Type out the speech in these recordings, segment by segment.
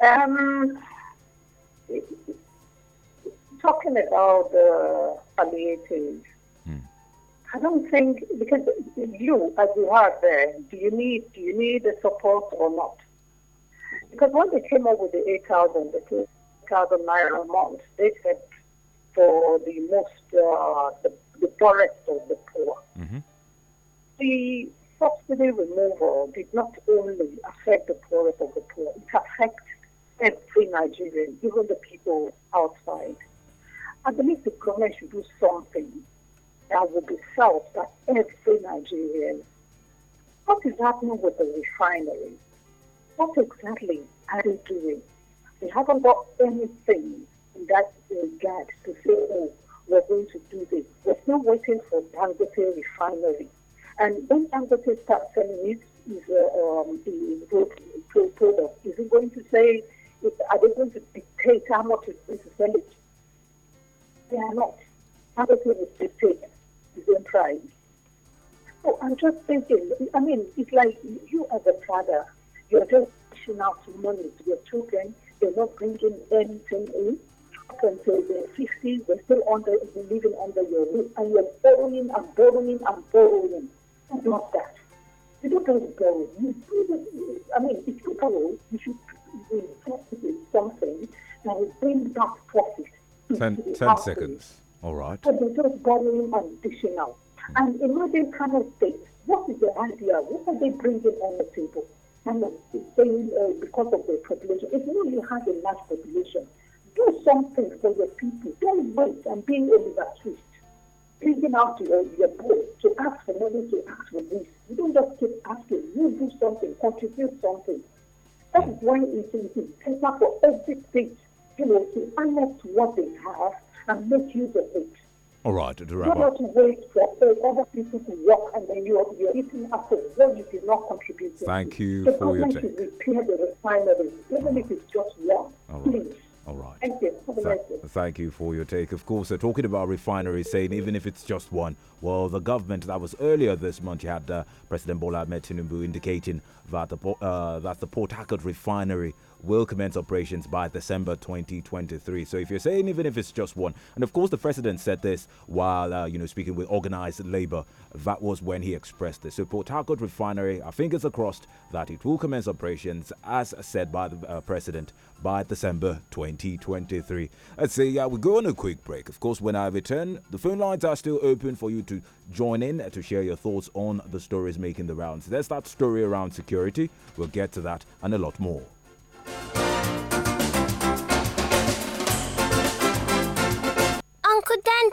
Um, talking about the palliative, hmm. I don't think because you, as you are there, uh, do you need do you need the support or not? Because when they came up with the eight thousand, the two thousand naira a month, they said for the most uh, the, the poorest of the poor. Mm-hmm. The subsidy removal did not only affect the poorest of the poor; it affects every Nigerian, even the people outside. I believe the government should do something that will be felt by every Nigerian. What is happening with the refinery? What exactly are they doing? They haven't got anything in that regard to say, oh, we're going to do this. We're still waiting for Dangote refinery. And when Dangote starts selling it, is, uh, um, the, the is it going to say are they going to dictate how much is going to sell it? They are not. Everything is dictated the same price. So I'm just thinking, I mean, it's like you as a father, you're just pushing out money to your children, they're not bringing anything in. Up until the 50s, they're still under, living under your roof, and you're borrowing and borrowing and borrowing. Not that. You don't borrow. You, I mean, if you borrow, you should the something and bring that back profit. Ten, ten seconds. All right. So they're just borrowing additional. Mm. And in kind of State, what is the idea? What are they bringing on the table? And saying uh, because of the population, if you really have a large population, do something for your people. Don't wait and be overstretched. Reaching out to out your board to ask for money, to ask for this. You don't just keep asking. You do something, contribute something. That's why it is better for every state, you know, to annex what they have and make use of it. All right, to wrap up. Not wait for other people to work and then you're, you're eating after what you did not contribute. Thank you the for your take. The repair the refinery, even right. if it's just one. All right. Please. All right. Thank you. Th- nice thank you for your take. Of course, they're talking about refineries, saying even if it's just one, well, the government that was earlier this month, you had uh, President Bola Ahmed Tinubu indicating that the, uh, that the Port Harcourt refinery will commence operations by December 2023. So if you're saying even if it's just one, and of course the president said this while uh, you know speaking with organized labor, that was when he expressed this. So Port Harcourt refinery, our fingers are crossed that it will commence operations as said by the uh, president by December 2023. Let's see, yeah, we go on a quick break. Of course, when I return, the phone lines are still open for you to join in to share your thoughts on the stories making the rounds. There's that story around security. We'll get to that and a lot more.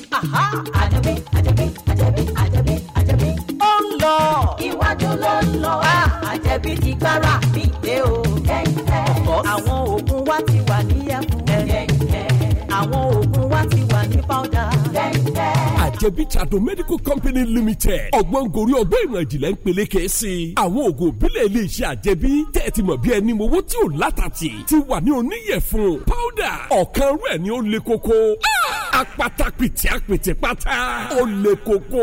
Àjẹbí Àjẹbí Àjẹbí Àjẹbí Àjẹbí ó ń lọ. Iwájú ló ń lọ. Àjẹbí ah. ti gbára mi dé o. Àwọn oògùn wa ti wà ní ẹ̀kọ́. àjẹbí trado medical company limited ọgbọ́n gorí ọgbọ́n ìmọ̀ ìjìnlẹ̀ ń peléke sí i àwọn oògùn òbílẹ̀ ilé iṣẹ́ àjẹbí tẹ̀ ti mọ̀ bí ẹni mowó tí ò látàtì ti wà ní oníyẹ̀fun powder ọ̀kan rẹ̀ ni ó le koko apata pìtì apìtì pata ó le koko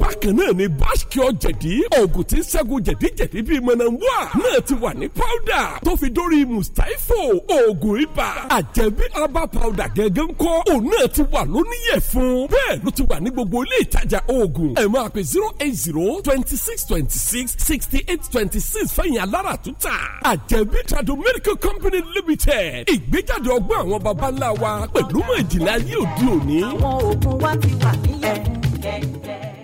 bákan náà ni báṣkìọ́ jẹ̀dí oògùn tí ń ṣẹ́gun jẹ̀díjẹ̀dí bíi mọ̀nàmúà náà ti wà ní powder tó fi dórí mustapho oògùn ibà àjẹbí herbal powder gẹ́gẹ́ ń kọ́ òun náà ti wà lóníyẹ̀fun bẹ́ẹ̀ ló ti wà ní gbogbo ilé ìtajà oògùn ẹ máa pè zero eight zero twenty six twenty six sixty eight twenty six fẹ̀yìn alára tuta àjẹbí trado medical company limited ìgbéjáde ọgbọ́n àwọn baba ńlá wa pẹ̀lú mọ̀ ìjìnlẹ̀ ayé òde òní. àwọn oògùn wa ti wà nílẹ̀ kẹ̀kẹ́.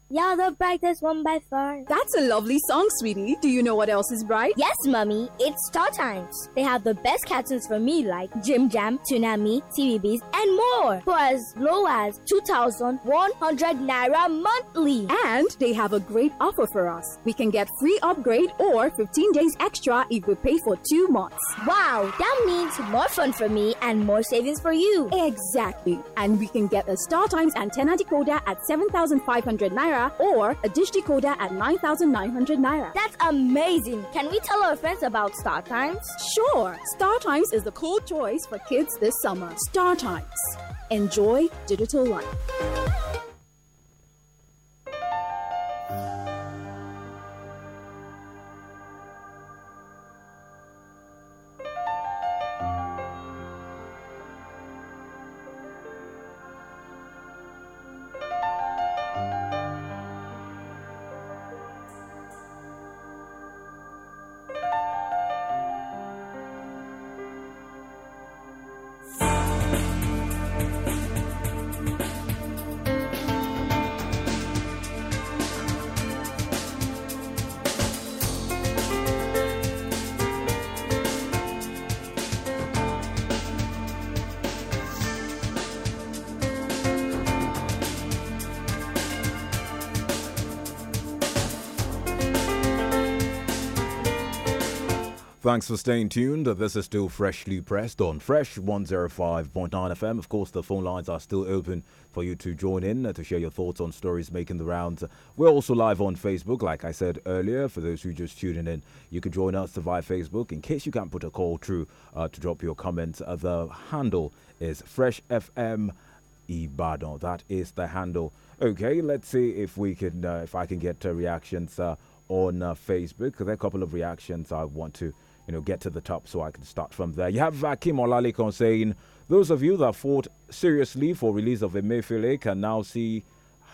You're the brightest one by far. That's a lovely song, sweetie. Do you know what else is bright? Yes, mummy. It's Star Times. They have the best cartoons for me like Jim Jam, Tsunami, TVBs, and more for as low as 2,100 naira monthly. And they have a great offer for us. We can get free upgrade or 15 days extra if we pay for two months. Wow, that means more fun for me and more savings for you. Exactly. And we can get a Star Times antenna decoder at 7,500 naira naira or a dish decoder at 9,900 naira. That's amazing! Can we tell our friends about Star Times? Sure! Star Times is the cool choice for kids this summer. Star Times. Enjoy digital life. Thanks for staying tuned. This is still freshly pressed on Fresh 105.9 FM. Of course, the phone lines are still open for you to join in uh, to share your thoughts on stories making the rounds. We're also live on Facebook, like I said earlier. For those who just tuning in, you can join us via Facebook. In case you can't put a call through uh, to drop your comments, uh, the handle is Fresh FM Ibadan. That is the handle. Okay, let's see if we can, uh, if I can get uh, reactions uh, on Facebook. There are a couple of reactions I want to you know, get to the top so I can start from there. You have Akim Olalikon saying, those of you that fought seriously for release of Emefiele can now see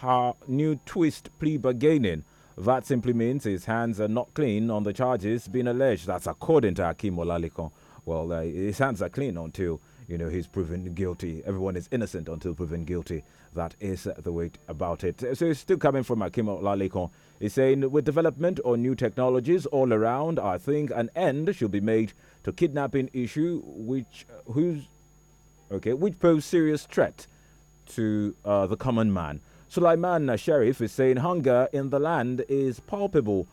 her new twist plea bargaining. That simply means his hands are not clean on the charges being alleged. That's according to Akim Olalikon. Well, uh, his hands are clean until you know, he's proven guilty. Everyone is innocent until proven guilty. That is the way about it. So it's still coming from Akim Lalekon. He's saying, with development or new technologies all around, I think an end should be made to kidnapping issue, which uh, who's okay, which pose serious threat to uh, the common man. Sulaiman Sheriff is saying hunger in the land is palpable.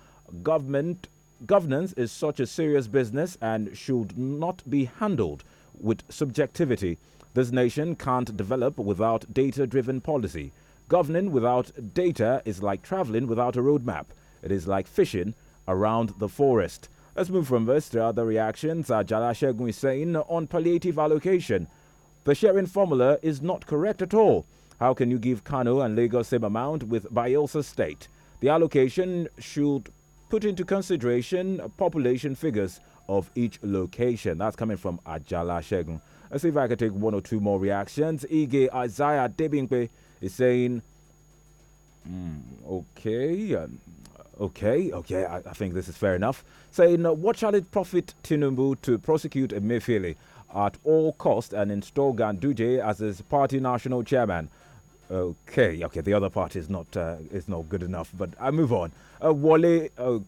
Government governance is such a serious business and should not be handled with subjectivity. This nation can't develop without data driven policy. Governing without data is like traveling without a roadmap, it is like fishing around the forest. Let's move from this to other reactions. Ajala Shegun is saying on palliative allocation, the sharing formula is not correct at all. How can you give Kano and Lagos same amount with Bielsa State? The allocation should put into consideration population figures of each location. That's coming from Ajala Shegun. Let's see if I can take one or two more reactions. Ige Isaiah Debingpe is saying, mm, okay, um, okay, okay, I, I, think this is fair enough. Saying, uh, what shall it profit Tinubu to prosecute Emefiele at all cost and install Ganduje as his party national chairman? Okay, okay, the other part is not uh, is not good enough, but I uh, move on. Uh, Wale, okay. Uh,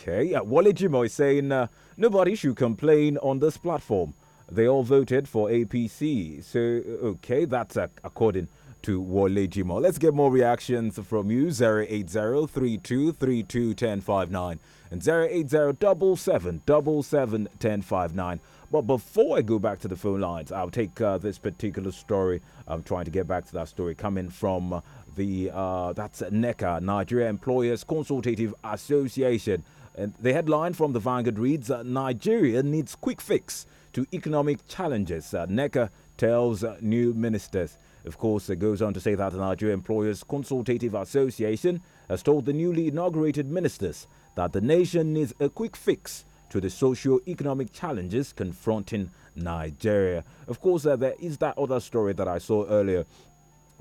Okay. Uh, Wale Jimoy saying uh, nobody should complain on this platform. They all voted for APC. So, uh, okay, that's uh, according to Wale Jimoy. Let's get more reactions from you 08032321059 and 08077771059. But before I go back to the phone lines, I'll take uh, this particular story. I'm trying to get back to that story coming from the uh, that's NECA, Nigeria Employers Consultative Association. And the headline from the Vanguard reads uh, Nigeria needs quick fix to economic challenges. Uh, NECA tells uh, new ministers. Of course, it goes on to say that the Nigeria Employers Consultative Association has told the newly inaugurated ministers that the nation needs a quick fix to the socio-economic challenges confronting Nigeria. Of course, uh, there is that other story that I saw earlier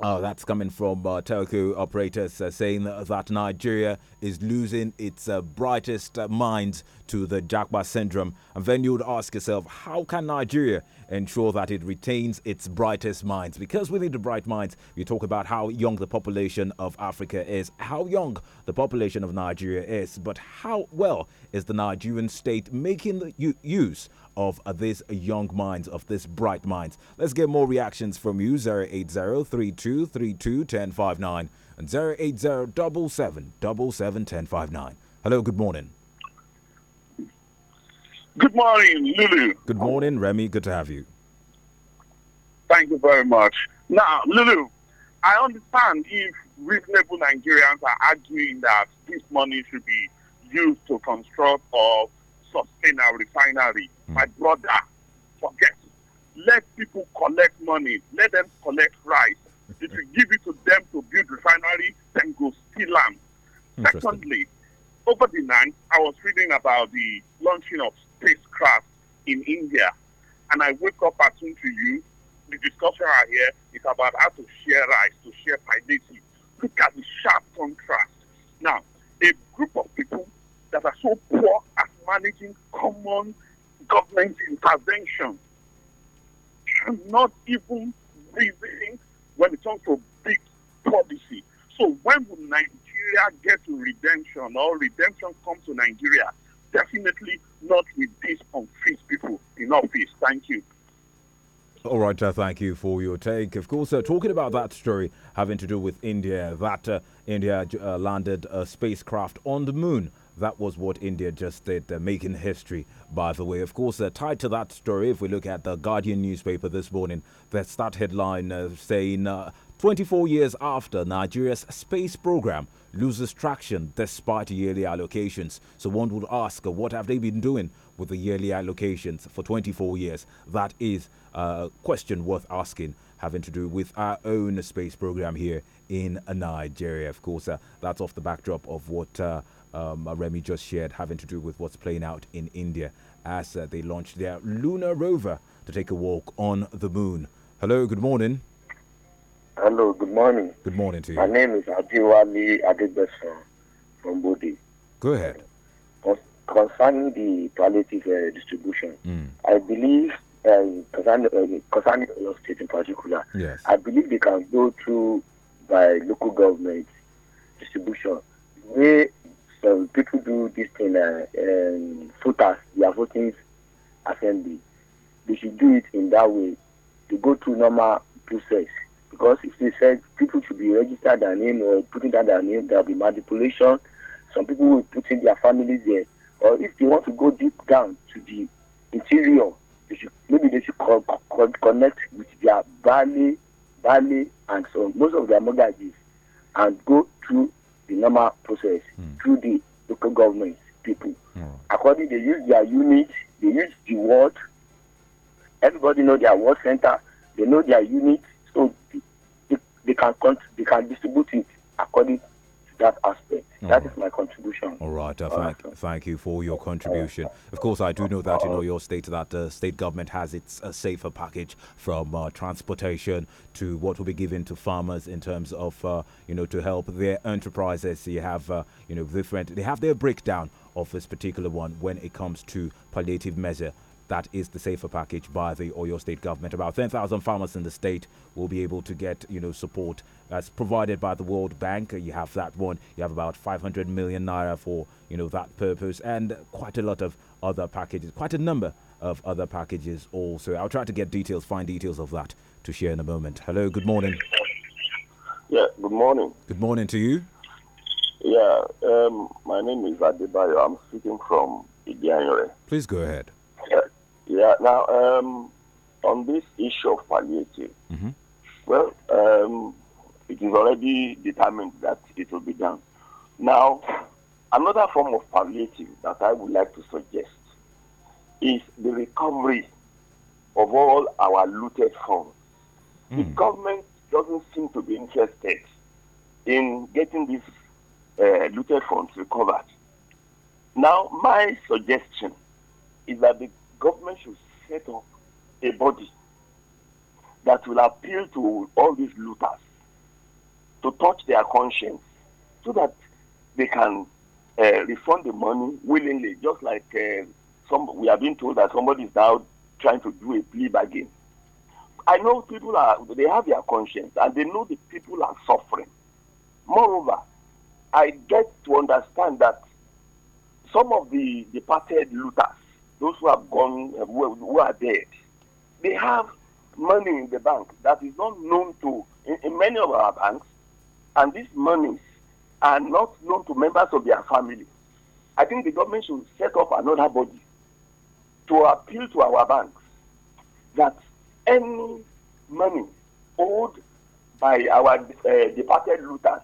Oh, that's coming from uh, telco operators uh, saying that, Nigeria is losing its uh, brightest uh, minds to the Jakba syndrome. And then you would ask yourself, how can Nigeria ensure that it retains its brightest minds? Because within the bright minds, you talk about how young the population of Africa is, how young the population of Nigeria is, but how well is the Nigerian state making use of uh, this young minds, of this bright minds. Let's get more reactions from you 08032321059 and 08077771059. Hello, good morning. Good morning, Lulu. Good morning, Remy. Good to have you. Thank you very much. Now, Lulu, I understand if reasonable Nigerians are arguing that this money should be used to construct or sustain our refinery. Mm. my brother, forget. Let people collect money. Let them collect rice. if you give it to them to build refinery, then go steal land. Secondly, over the night, I was reading about the launching of spacecraft in India. And I wake up at to you. The discussion I hear is about how to share rice, to share pilates. Look at the sharp contrast. Now, a group of people that are so poor at managing common government intervention should not even reason when it comes to big policy. So when will Nigeria get to redemption or redemption come to Nigeria? Definitely not with these unfit people in office. Thank you. All right, uh, thank you for your take. Of course, uh, talking about that story having to do with India, that uh, India uh, landed a spacecraft on the moon that was what India just did, uh, making history, by the way. Of course, uh, tied to that story, if we look at the Guardian newspaper this morning, that's that headline uh, saying uh, 24 years after Nigeria's space program loses traction despite yearly allocations. So one would ask, uh, what have they been doing with the yearly allocations for 24 years? That is a question worth asking, having to do with our own space program here in Nigeria. Of course, uh, that's off the backdrop of what. Uh, um, uh, Remy just shared having to do with what's playing out in India as uh, they launch their lunar rover to take a walk on the moon. Hello, good morning. Hello, good morning. Good morning to you. My name is Abiwali Adebeson from Bodhi. Go ahead. concerning the palliative uh, distribution, mm. I believe, uh, concerning, uh, concerning your state in particular, yes. I believe they can go through by local government distribution. They so people do this thing, uh, um, their voting assembly. They should do it in that way. They go through normal process. Because if they said people should be registered their name or putting down their name, there will be manipulation. Some people will put in their family there. Or if they want to go deep down to the interior, they should, maybe they should co- co- connect with their valley, valley, and so most of their mortgages and go through the normal process mm. through the local government people. Mm. According, they use their unit, they use the ward. Everybody know their ward center. They know their unit, so they, they, they can they can distribute it according that aspect. All that right. is my contribution. All right. Uh, thank, uh, thank you for your contribution. Of course, I do know that in know. your state that uh, state government has its uh, safer package from uh, transportation to what will be given to farmers in terms of, uh, you know, to help their enterprises. You have, you know, different, they have their breakdown of this particular one when it comes to palliative measure that is the safer package by the Oyo State government. About 10,000 farmers in the state will be able to get, you know, support as provided by the World Bank. You have that one. You have about 500 million naira for, you know, that purpose and quite a lot of other packages, quite a number of other packages also. I'll try to get details, find details of that to share in a moment. Hello, good morning. Yeah, good morning. Good morning to you. Yeah, um, my name is Adebayo. I'm speaking from Idianyore. Please go ahead. Yeah. Now, um, on this issue of palliative, mm-hmm. well, um, it is already determined that it will be done. Now, another form of palliative that I would like to suggest is the recovery of all our looted funds. Mm. The hmm. government doesn't seem to be interested in getting these uh, looted funds recovered. Now, my suggestion is that the government should set up a body that will appeal to all these looters to touch their conscience so that they can uh, refund the money willingly, just like uh, some we have been told that somebody is now trying to do a plea bargain. I know people are they have their conscience and they know the people are suffering. Moreover, I get to understand that some of the departed looters those who have gone, uh, who, who are dead, they have money in the bank that is not known to, in, in many of our banks, and these monies are not known to members of their family. I think the government should set up another body to appeal to our banks that any money owed by our uh, departed looters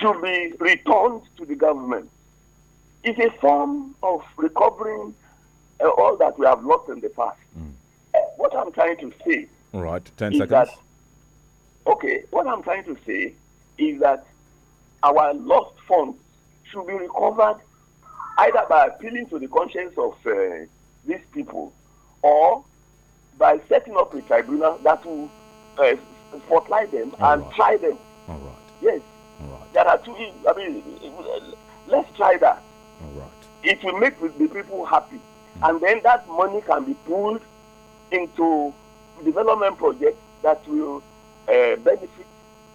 should be returned to the government is a form of recovering uh, all that we have lost in the past. Mm. Uh, what I'm trying to say. All right, 10 seconds. That, okay, what I'm trying to say is that our lost funds should be recovered either by appealing to the conscience of uh, these people or by setting up a tribunal that will uh, spotlight them All and right. try them. All right. Yes. All right. There are two. I mean, let's try that. It will make the people happy. Mm. And then that money can be pulled into development projects that will uh, benefit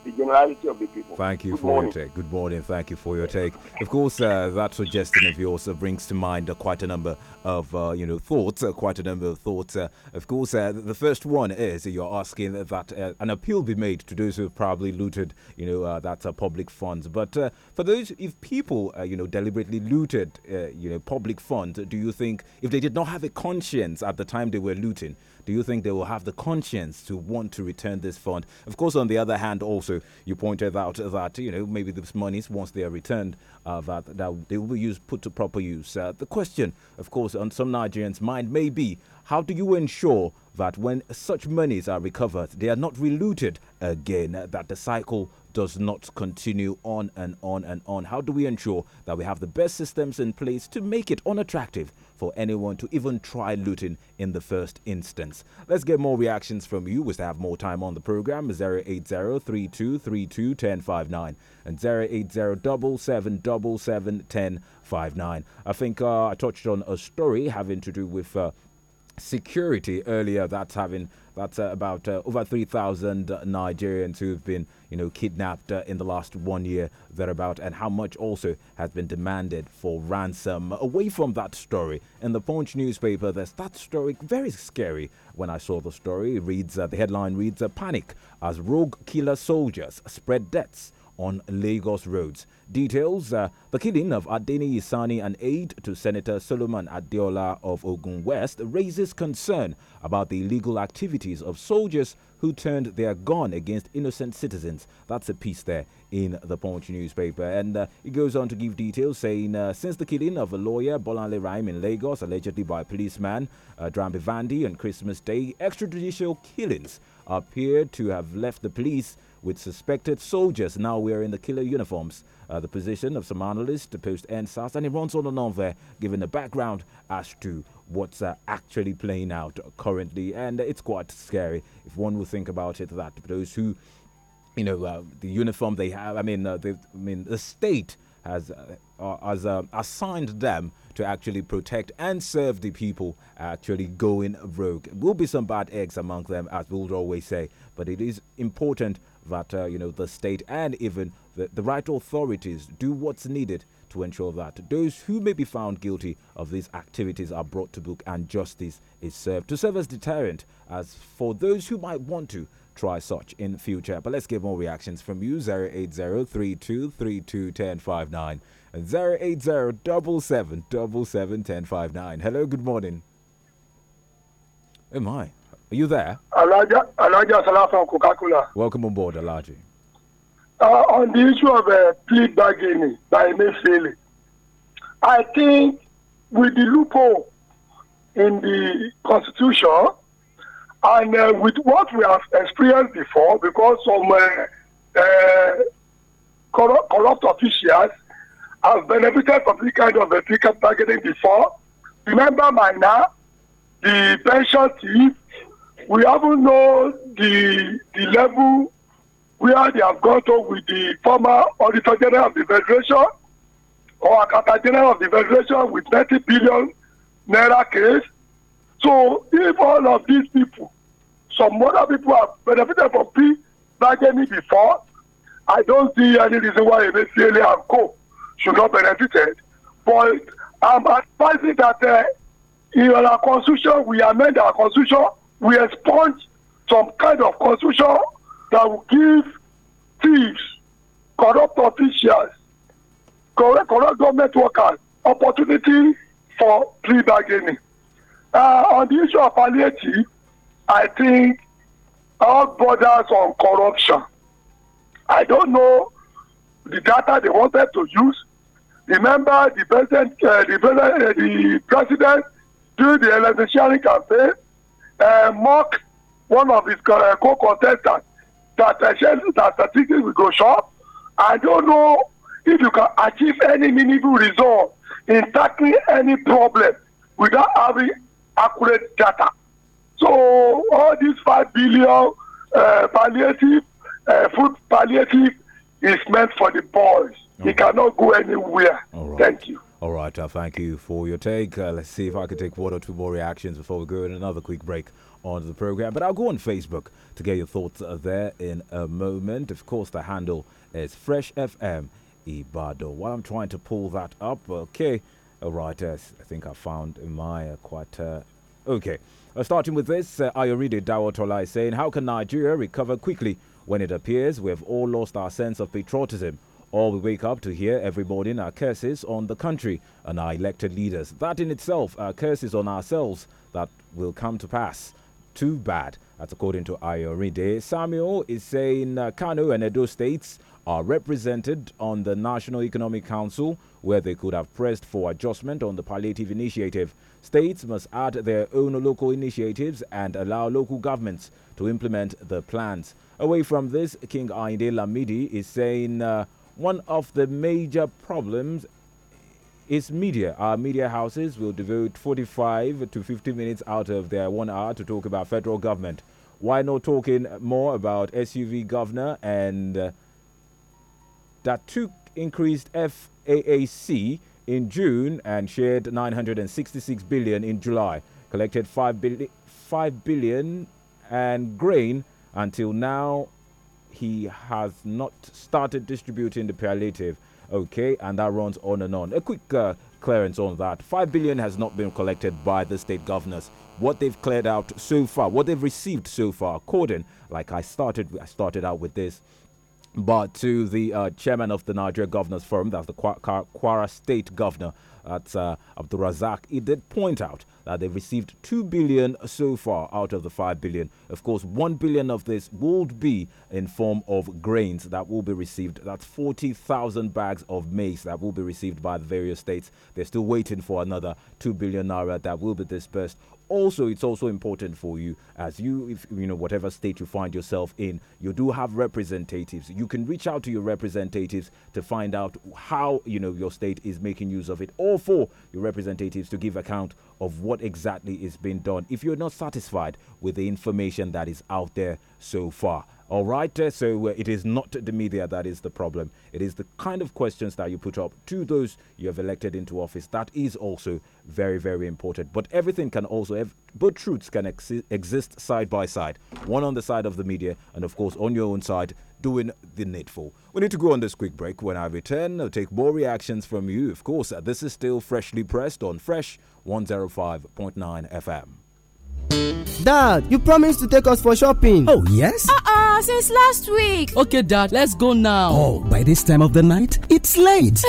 the generality of the people. Thank you Good for morning. your take. Good morning. Thank you for your take. Of course, uh, that suggestion of yours uh, brings to mind uh, quite a number of uh, you know thoughts. Uh, quite a number of thoughts. Uh, of course, the first one is you're asking that an appeal be made to those who have probably looted, you know, that's public funds. But for those, if people, you know, deliberately looted, you know, public funds, do you think if they did not have a conscience at the time they were looting? do you think they will have the conscience to want to return this fund? Of course, on the other hand, also you pointed out that you know maybe these monies once they are returned, uh, that that they will be used put to proper use. Uh, the question, of course, on some Nigerians' mind may be, how do you ensure that when such monies are recovered, they are not relooted again? That the cycle does not continue on and on and on? How do we ensure that we have the best systems in place to make it unattractive for anyone to even try looting in the first instance? Let's get more reactions from you. We have more time on the program. 080-3232-1059 and 08077771059. I think uh, I touched on a story having to do with uh, security earlier. That's having that's uh, about uh, over 3,000 Nigerians who've been, you know, kidnapped uh, in the last one year thereabout, and how much also has been demanded for ransom. Away from that story, in the Punch newspaper, there's that story. Very scary. When I saw the story, reads uh, the headline reads, uh, "Panic as rogue killer soldiers spread deaths on Lagos roads. Details uh, The killing of Adeni Isani, an aide to Senator Solomon Adeola of Ogun West, raises concern about the illegal activities of soldiers who turned their gun against innocent citizens. That's a piece there in the Punch newspaper. And uh, it goes on to give details saying uh, since the killing of a lawyer, Bolanle Rhyme, in Lagos, allegedly by a policeman, uh, Drambi on Christmas Day, extrajudicial killings appear to have left the police with suspected soldiers. Now wearing the killer uniforms. Uh, the position of some analysts to post NSAS, and it runs on and on there, giving the background as to what's uh, actually playing out currently. And it's quite scary if one will think about it that those who, you know, uh, the uniform they have, I mean, uh, they, I mean, the state has uh, has uh, assigned them to actually protect and serve the people actually going rogue. Will be some bad eggs among them, as we'll always say, but it is important that uh, you know the state and even the, the right authorities do what's needed to ensure that those who may be found guilty of these activities are brought to book and justice is served to serve as deterrent as for those who might want to try such in future. But let's get more reactions from you 08032321059 and 08077771059. Hello, good morning. Oh my. Are you there? Alaja, Alaja from Coca-Cola. Welcome on board, Alaji. Uh, on the issue of uh, plea bargaining by Emefiele, I think with the loophole in the constitution and uh, with what we have experienced before, because some uh, uh, corrupt, corrupt, officials have benefited from this kind of plea bargaining before. Remember now the pension thief we haven't know the the level where they have gone to with the former auditor general of the federation or akata general of the federation with ninety billion naira case so if all of these people some other people have benefited from p bargaining before i don't see any reason why emefiele and co should not benefited but i'm advising that uh, in our constitution we amend our constitution we expunge some kind of constitution that will give thieves corrupt officials correct corrupt government workers opportunity for plea bargaining uh, on the issue of palliative i think all borders on corruption i don't know the data they wanted to use remember the president uh, the president uh, the president during the electioneering campaign uh, mock one of his uh, co-contestants that uh, says that statistics will go short. I don't know if you can achieve any meaningful result in tackling any problem without having accurate data. So all these five billion uh, palliative uh, food palliative is meant for the boys. it cannot go anywhere. Right. Thank you. All right, uh, thank you for your take. Uh, let's see if I can take one or two more reactions before we go in another quick break on the program. But I'll go on Facebook to get your thoughts uh, there in a moment. Of course, the handle is Fresh FM Ibado. While I'm trying to pull that up, okay. All right, uh, I think I found my uh, quite. Uh, okay, starting with this, uh, already Dawotola is saying, How can Nigeria recover quickly when it appears we have all lost our sense of patriotism? All we wake up to hear every morning are curses on the country and our elected leaders. That in itself are curses on ourselves that will come to pass. Too bad. That's according to Ayoride. Samuel is saying uh, Kano and Edo states are represented on the National Economic Council, where they could have pressed for adjustment on the palliative initiative. States must add their own local initiatives and allow local governments to implement the plans. Away from this, King Ainde Lamidi is saying uh, one of the major problems is media. Our media houses will devote 45 to 50 minutes out of their one hour to talk about federal government. Why not talking more about SUV governor and uh, that took increased FAAC in June and shared 966 billion in July, collected 5 billion and grain until now he has not started distributing the palliative. Okay, and that runs on and on. A quick uh, clearance on that. 5 billion has not been collected by the state governors. What they've cleared out so far, what they've received so far, according, like I started, I started out with this, but to the uh, chairman of the Nigeria Governors Forum, that's the Kwara State Governor, that's uh, Abdul Razak. He did point out that they've received 2 billion so far out of the 5 billion. Of course, 1 billion of this would be in form of grains that will be received. That's 40,000 bags of maize that will be received by the various states. They're still waiting for another 2 billion naira that will be dispersed also it's also important for you as you if you know whatever state you find yourself in you do have representatives you can reach out to your representatives to find out how you know your state is making use of it or for your representatives to give account of what exactly is being done if you're not satisfied with the information that is out there so far all right, uh, so uh, it is not the media that is the problem. It is the kind of questions that you put up to those you have elected into office. That is also very, very important. But everything can also have, both truths can exist side by side. One on the side of the media, and of course, on your own side, doing the needful. We need to go on this quick break. When I return, I'll take more reactions from you. Of course, uh, this is still freshly pressed on Fresh 105.9 FM. Dad, you promised to take us for shopping. Oh, yes? Uh now since last week. Okay, Dad, let's go now. Oh, by this time of the night, it's late.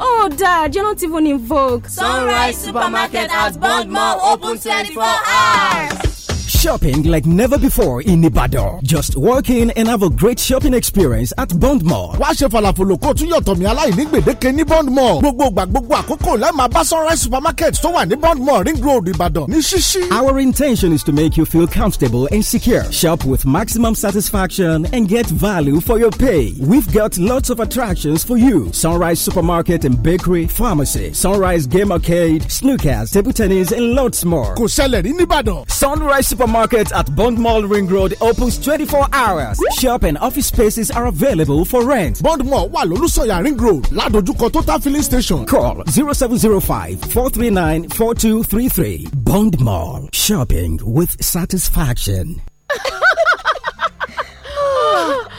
oh, Dad, you're not even in vogue. Sunrise Supermarket at Bond Mall open 24 hours. Shopping like never before in Ibadan. Just walk in and have a great shopping experience at Bond Mall. Wá ṣe falafolo kó tún yọ̀tọ̀ mi aláìní gbèdéke ní Bond Mall. Gbogbo ìgbà gbogbo àkókò lẹ́ẹ̀ máa bá Sunrise supermarket tó wà ní Bond Mall Ring Road Ibadan ní ṣíṣí. Our intention is to make you feel comfortable and secure. Shop with maximum satisfaction and get value for your pay. We've got lots of attractions for you. Sunrise supermarket and bakery, pharmacy, Sunrise game arcade, snookers, table tennis and lots more. Kò ṣẹlẹ̀ ní Nìbàdàn. Sunrise supermarket Market at Bond Mall Ring Road opens 24 hours. Shop and office spaces are available for rent. Bond Mall wà lólùsọ̀yà Ring Road ládojúkọ Total Filling Station. Call 0705-439-4233. Bond Mall. Shopping with satisfaction.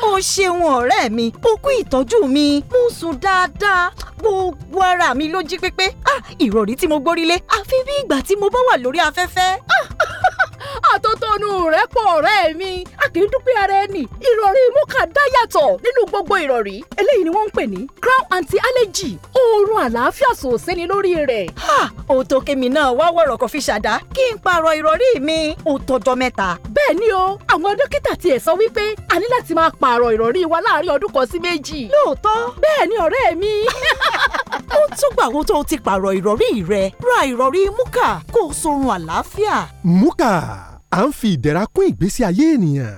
o ṣeun ọ̀rẹ́ mi o kú ìtọ́jú mi mo sùn dáadáa gbogbo ara mi ló jí pépé ah ìrọ̀rí tí mo gbórí lé àfi bí ìgbà tí mo bá wà lórí afẹ́fẹ́ ìyọnu rẹ̀ pọ̀ ọ̀rẹ́ mi a kì í dúpẹ́ ara ẹni ìrọ̀rí múkà dá yàtọ̀ nínú gbogbo ìrọ̀rí eléyìí ni wọ́n ń pè ní crown anti allergy oorun àlàáfíà sòsẹ́ni lórí rẹ̀. ha òótọ́ kemi náà wá wọ̀rọ̀ kò fi ṣàdá kí n pààrọ̀ ìrọ̀rí mi ó tọjọ́ mẹ́ta. bẹ́ẹ̀ ni o àwọn dókítà tiẹ̀ sọ wípé a ní láti máa pààrọ̀ ìrọ̀rí wa láàárín ọdún kan sí méjì. lóòótọ́ bẹ́ẹ̀ ni ọ̀rẹ́ mi. ó tún gbà wo tó o ti pààrọ̀ ìrọ̀rí rẹ ra ìrọ̀rí múkà kó o sorun àlàáfíà. múkà à ń fi ìdẹ̀ra kún ìgbésí ayé ènìyàn.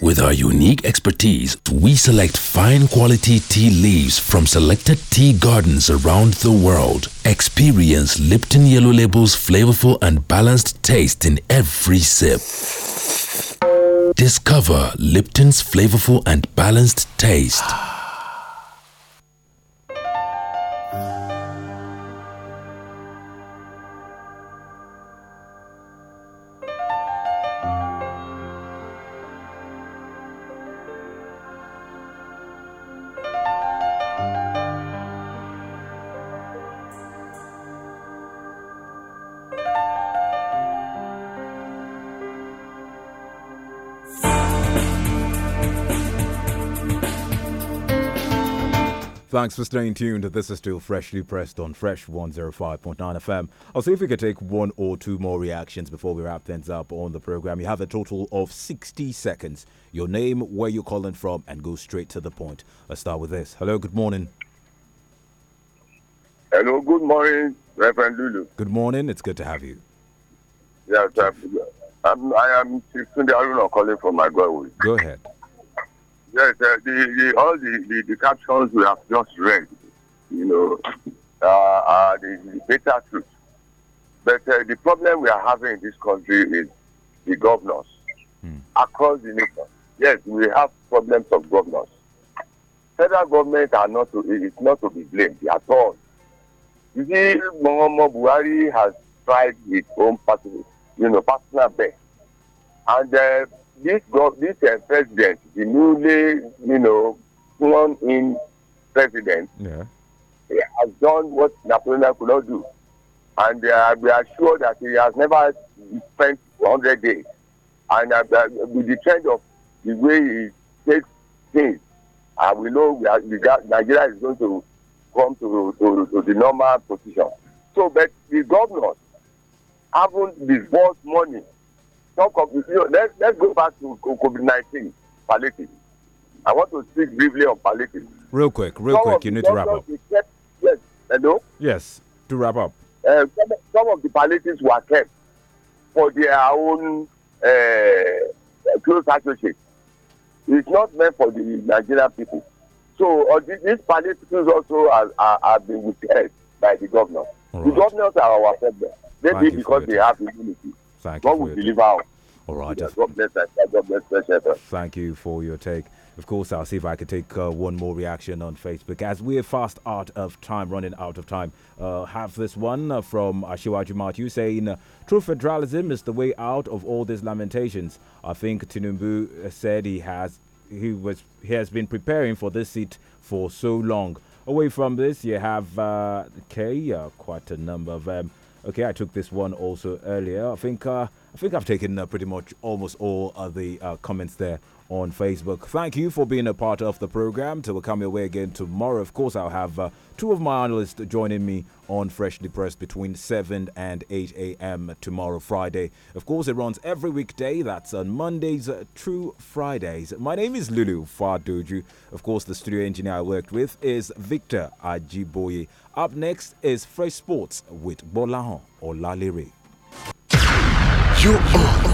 With our unique expertise, we select fine quality tea leaves from selected tea gardens around the world. Experience Lipton Yellow Label's flavorful and balanced taste in every sip. Discover Lipton's flavorful and balanced taste. Thanks for staying tuned. This is still freshly pressed on Fresh 105.9 FM. I'll see if we can take one or two more reactions before we wrap things up on the program. You have a total of 60 seconds. Your name, where you're calling from, and go straight to the point. Let's start with this. Hello, good morning. Hello, good morning, Reverend Lulu. Good morning. It's good to have you. Yes, I'm, I am Sunday Aruna calling from my Go ahead yes, uh, the, the, all the, the, the, captions we have just read, you know, uh, are the, bitter better truth. But uh, the problem we are having in this country is the governors mm. across the nation. Yes, we have problems of governors. Federal government are not to, not to be blamed at all. You see, Muhammad Buhari has tried his own personal, you know, personal best, and uh, this, this uh, president, the newly, you know, sworn in president, yeah. he has done what Napoleon could not do. And uh, we are sure that he has never spent 100 days. And uh, uh, with the trend of the way he takes things, uh, we know we are, we got, Nigeria is going to come to, to, to the normal position. So, but the governors haven't divorced money talk of you know, let, let's go back to COVID 19 palliative. I want to speak briefly on palliative. Real quick, real some quick, you need to wrap up. Kept, yes, hello? Yes, to wrap up. Uh, some, some, of the palliatives were kept for their own uh, close associates. It's not meant for the Nigerian people. So uh, these palliatives also have are, withheld by the governor. Right. The governors are our problem. Maybe because they have immunity. Thank God you. God will deliver All right. Yeah, God bless us. God bless us. Thank you for your take. Of course, I'll see if I can take uh, one more reaction on Facebook as we're fast out of time, running out of time. Uh, have this one uh, from Ashiwaju You saying, True federalism is the way out of all these lamentations. I think Tinubu said he has he was he has been preparing for this seat for so long. Away from this, you have uh, uh, quite a number of them. Um, Okay, I took this one also earlier. I think uh, I think I've taken uh, pretty much almost all of the uh, comments there on Facebook. Thank you for being a part of the program. Till we come your way again tomorrow, of course, I'll have uh, two of my analysts joining me on Freshly Pressed between 7 and 8 a.m. tomorrow, Friday. Of course, it runs every weekday. That's on Mondays uh, through Fridays. My name is Lulu Fadoju. Of course, the studio engineer I worked with is Victor Ajiboye. Up next is Fresh Sports with Bolahan Olalere. You are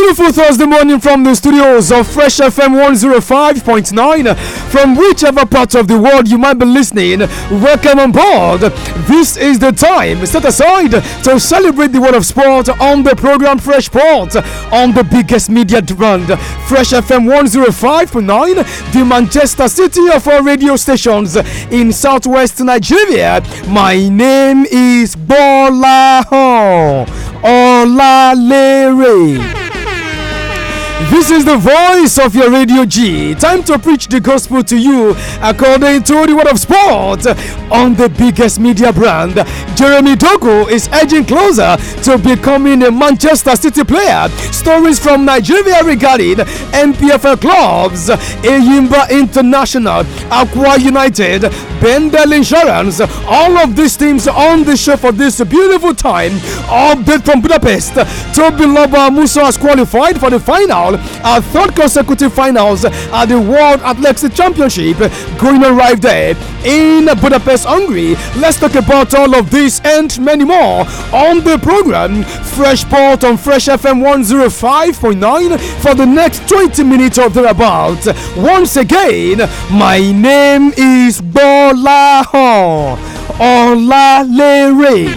beautiful Thursday morning from the studios of Fresh FM 105.9. From whichever part of the world you might be listening, welcome on board. This is the time set aside to celebrate the world of sport on the program Fresh Sport on the biggest media brand, Fresh FM 105.9, the Manchester City of our radio stations in southwest Nigeria. My name is Bola Ho. Olalere. This is the voice of your Radio G. Time to preach the gospel to you according to the word of sport on the biggest media brand. Jeremy Doku is edging closer to becoming a Manchester City player. Stories from Nigeria regarding MPFL clubs, Ayimba International, Aqua United, Bendel Insurance. All of these teams on the show for this beautiful time. All from Budapest. Toby Loba Musa has qualified for the final our third consecutive finals at the World Athletics Championship going on right there in Budapest, Hungary. Let's talk about all of this and many more on the program. Fresh Port on Fresh FM 105.9 for the next 20 minutes or thereabout. Once again, my name is Bola Hon Olalere.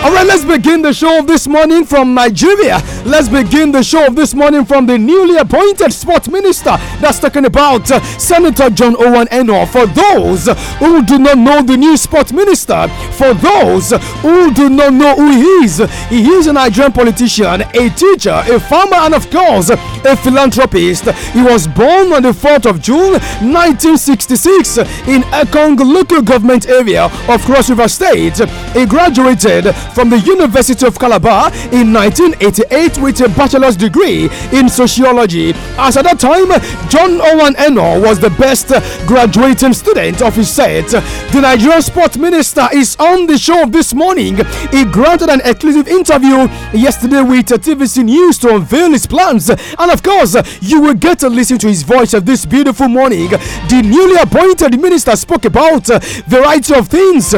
All right, let's begin the show of this morning from Nigeria. Let's begin the show of this morning from the newly appointed sports minister. That's talking about uh, Senator John Owen Eno. For those who do not know the new sports minister, for those who do not know who he is, he is a Nigerian politician, a teacher, a farmer, and of course, a philanthropist. He was born on the 4th of June 1966 in Ekong local government area of Cross River State. He graduated from the University of Calabar in 1988 with a bachelor's degree in sociology. As at that time, John Owen Eno was the best graduating student of his set. The Nigerian sports minister is on the show this morning. He granted an exclusive interview yesterday with TVC News to unveil his plans. And of course, you will get to listen to his voice this beautiful morning. The newly appointed minister spoke about variety of things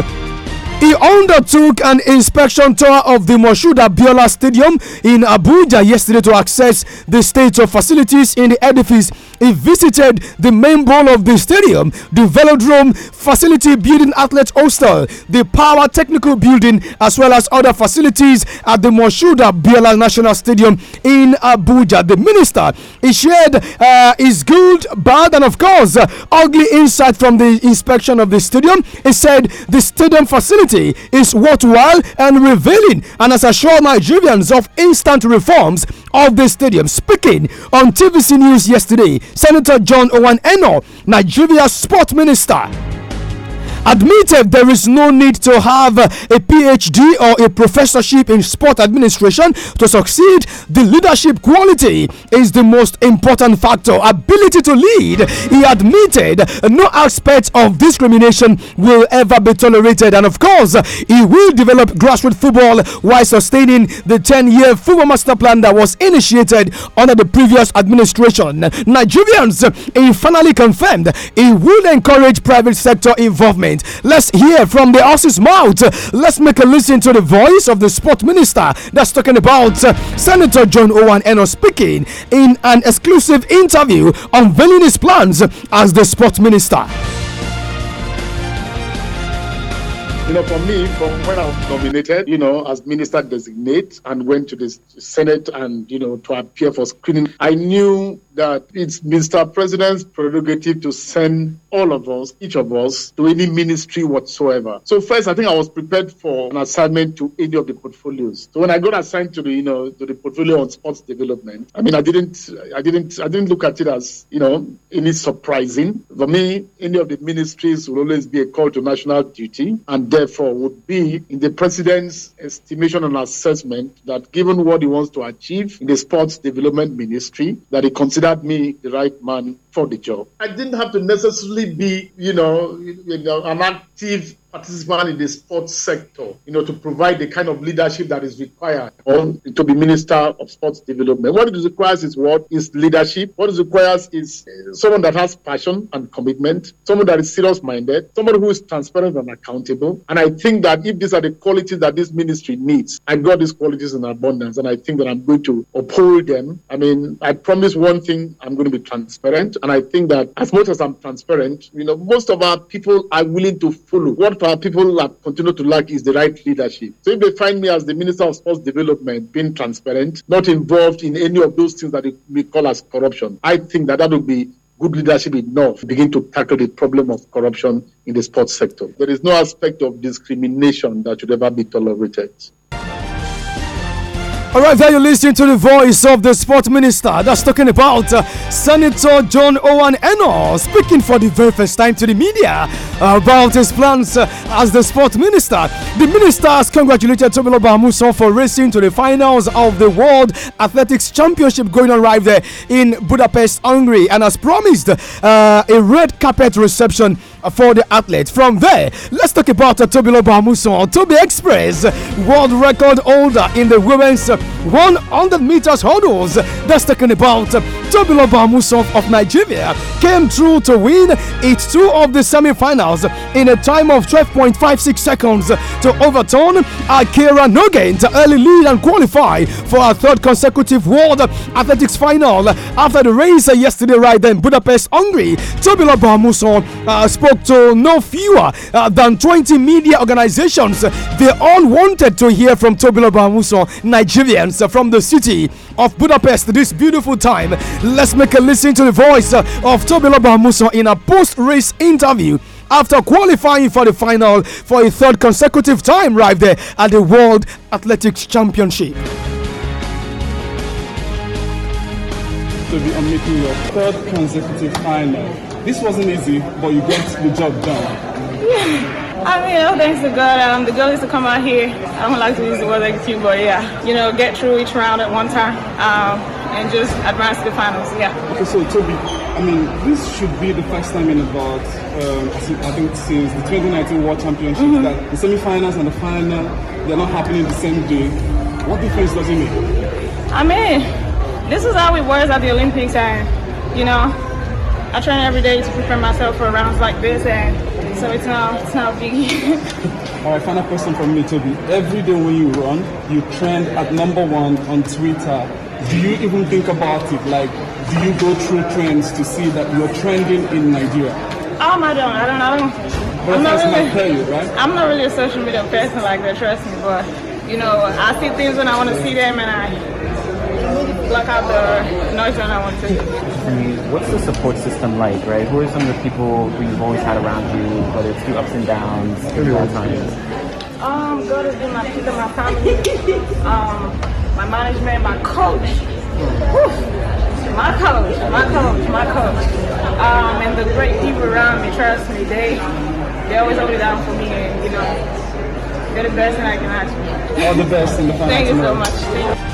he undertook an inspection tour of the Moshood Biola Stadium in Abuja yesterday to access the state of facilities in the edifice. He visited the main bowl of the stadium, the velodrome, facility building athlete hostel, the power technical building, as well as other facilities at the Moshood Biola National Stadium in Abuja. The minister he shared uh, his good, bad, and of course, uh, ugly insight from the inspection of the stadium. He said the stadium facility is worthwhile and revealing and has assured Nigerians of instant reforms of the stadium. Speaking on TVC News yesterday, Senator John Owen Eno, Nigeria's sport minister, admitted there is no need to have a PhD or a professorship in sport administration to succeed. The leadership quality is the most important factor. Ability to lead, he admitted, no aspect of discrimination will ever be tolerated. And of course, he will develop grassroots football while sustaining the 10 year football master plan that was initiated under the previous administration. Nigerians, he finally confirmed he will encourage private sector involvement Let's hear from the horse's mouth. Let's make a listen to the voice of the sport minister that's talking about uh, Senator John Owen Eno speaking in an exclusive interview unveiling his plans as the sport minister. You know, for me, from when I was nominated, you know, as minister designate and went to the Senate and, you know, to appear for screening, I knew that it's Mr. President's prerogative to send all of us, each of us, to any ministry whatsoever. So first, I think I was prepared for an assignment to any of the portfolios. So when I got assigned to the, you know, to the portfolio on sports development, I mean, I didn't, I didn't, I didn't look at it as, you know, any surprising. For me, any of the ministries will always be a call to national duty, and then therefore, would be in the president's estimation and assessment that given what he wants to achieve in the sports development ministry, that he considered me the right man for the job. I didn't have to necessarily be, you know, you know an active participant in the sports sector, you know, to provide the kind of leadership that is required to be minister of sports development. What it requires is what is leadership. What it requires is uh, someone that has passion and commitment, someone that is serious minded, someone who is transparent and accountable. And I think that if these are the qualities that this ministry needs, I got these qualities in abundance and I think that I'm going to uphold them. I mean, I promise one thing, I'm going to be transparent. And I think that as much as I'm transparent, you know, most of our people are willing to follow what our people have continued to lack is the right leadership. So if they find me as the Minister of Sports Development being transparent, not involved in any of those things that we call as corruption, I think that that would be good leadership enough to begin to tackle the problem of corruption in the sports sector. There is no aspect of discrimination that should ever be tolerated. All right, there you listen to the voice of the sport minister that's talking about uh, Senator John Owen Eno speaking for the very first time to the media about his plans uh, as the sport minister. The minister has congratulated Tomilo Bamuso for racing to the finals of the World Athletics Championship going on right there in Budapest, Hungary, and has promised uh, a red carpet reception for the athlete. From there, let's talk about uh, Tobilo Bamuso, Toby Express, world record holder in the women's. 100 meters hurdles. That's talking about Tobiloba Bamusov of Nigeria came through to win its two of the semi-finals in a time of 12.56 seconds to overturn Akira Nogain to early lead and qualify for a third consecutive World Athletics final after the race yesterday right in Budapest, Hungary. Tobiloba Bamusov uh, spoke to no fewer uh, than 20 media organizations. They all wanted to hear from Tobiloba Bamusov, Nigeria Indians from the city of Budapest this beautiful time. Let's make a listen to the voice of Toby Musa in a post race interview after qualifying for the final for a third consecutive time right there at the World Athletics Championship. To be making your third consecutive final. This wasn't easy, but you got the job done. Yeah. I mean, oh, thanks to God. Um, the goal is to come out here. I don't like to use the word like you, but yeah, you know, get through each round at one time um, and just advance to the finals. Yeah. Okay, so Toby, I mean, this should be the first time in about, um, I think, since the 2019 World Championships mm-hmm. that the semifinals and the final they're not happening the same day. What difference does it make? I mean, this is how it was at the Olympics, and you know, I train every day to prepare myself for rounds like this, and so it's not it's now big. All right, final question from me, Toby. Every day when you run, you trend at number one on Twitter. Do you even think about it? Like, do you go through trends to see that you're trending in Nigeria? Um, I don't. I don't. I don't. But I'm not really. Not you, right? I'm not really a social media person like that. Trust me, but you know, I see things when I want to see them, and I block out the noise I want to. What's the support system like, right? Who are some of the people who you've always had around you, whether it's through ups and downs, through all times? Um, God has been my people, my family, um, my management, my coach. My coach, my coach, my coach. Um, and the great people around me, trust me, they they always hold it down for me and you know, they're the best thing I can ask for. All the best in the final. Thank you so much.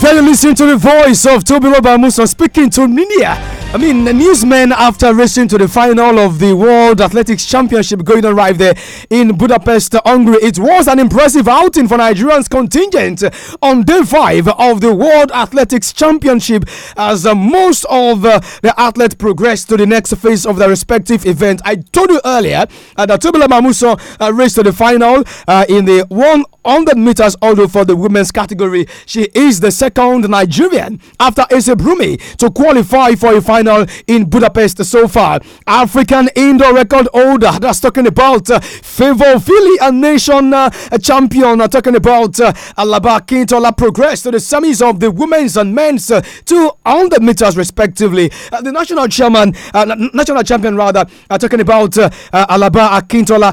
Then you listen to the voice of Toby Musa speaking to Ninia I mean, the newsmen after racing to the final of the World Athletics Championship going on right there in Budapest, Hungary. It was an impressive outing for Nigerians contingent on day five of the World Athletics Championship as uh, most of uh, the athletes progressed to the next phase of their respective event. I told you earlier uh, that Tubula Mamuso uh, raced to the final uh, in the 100 meters although for the women's category. She is the second Nigerian after Ese Brumi to qualify for a final final in Budapest so far. African indoor record holder, that's talking about uh, Favovili, a nation uh, a champion, uh, talking about uh, Alaba Kintola progressed to the semis of the women's and men's uh, 200 meters respectively. Uh, the national chairman, uh, national champion rather, talking about uh, uh, Alaba Akintola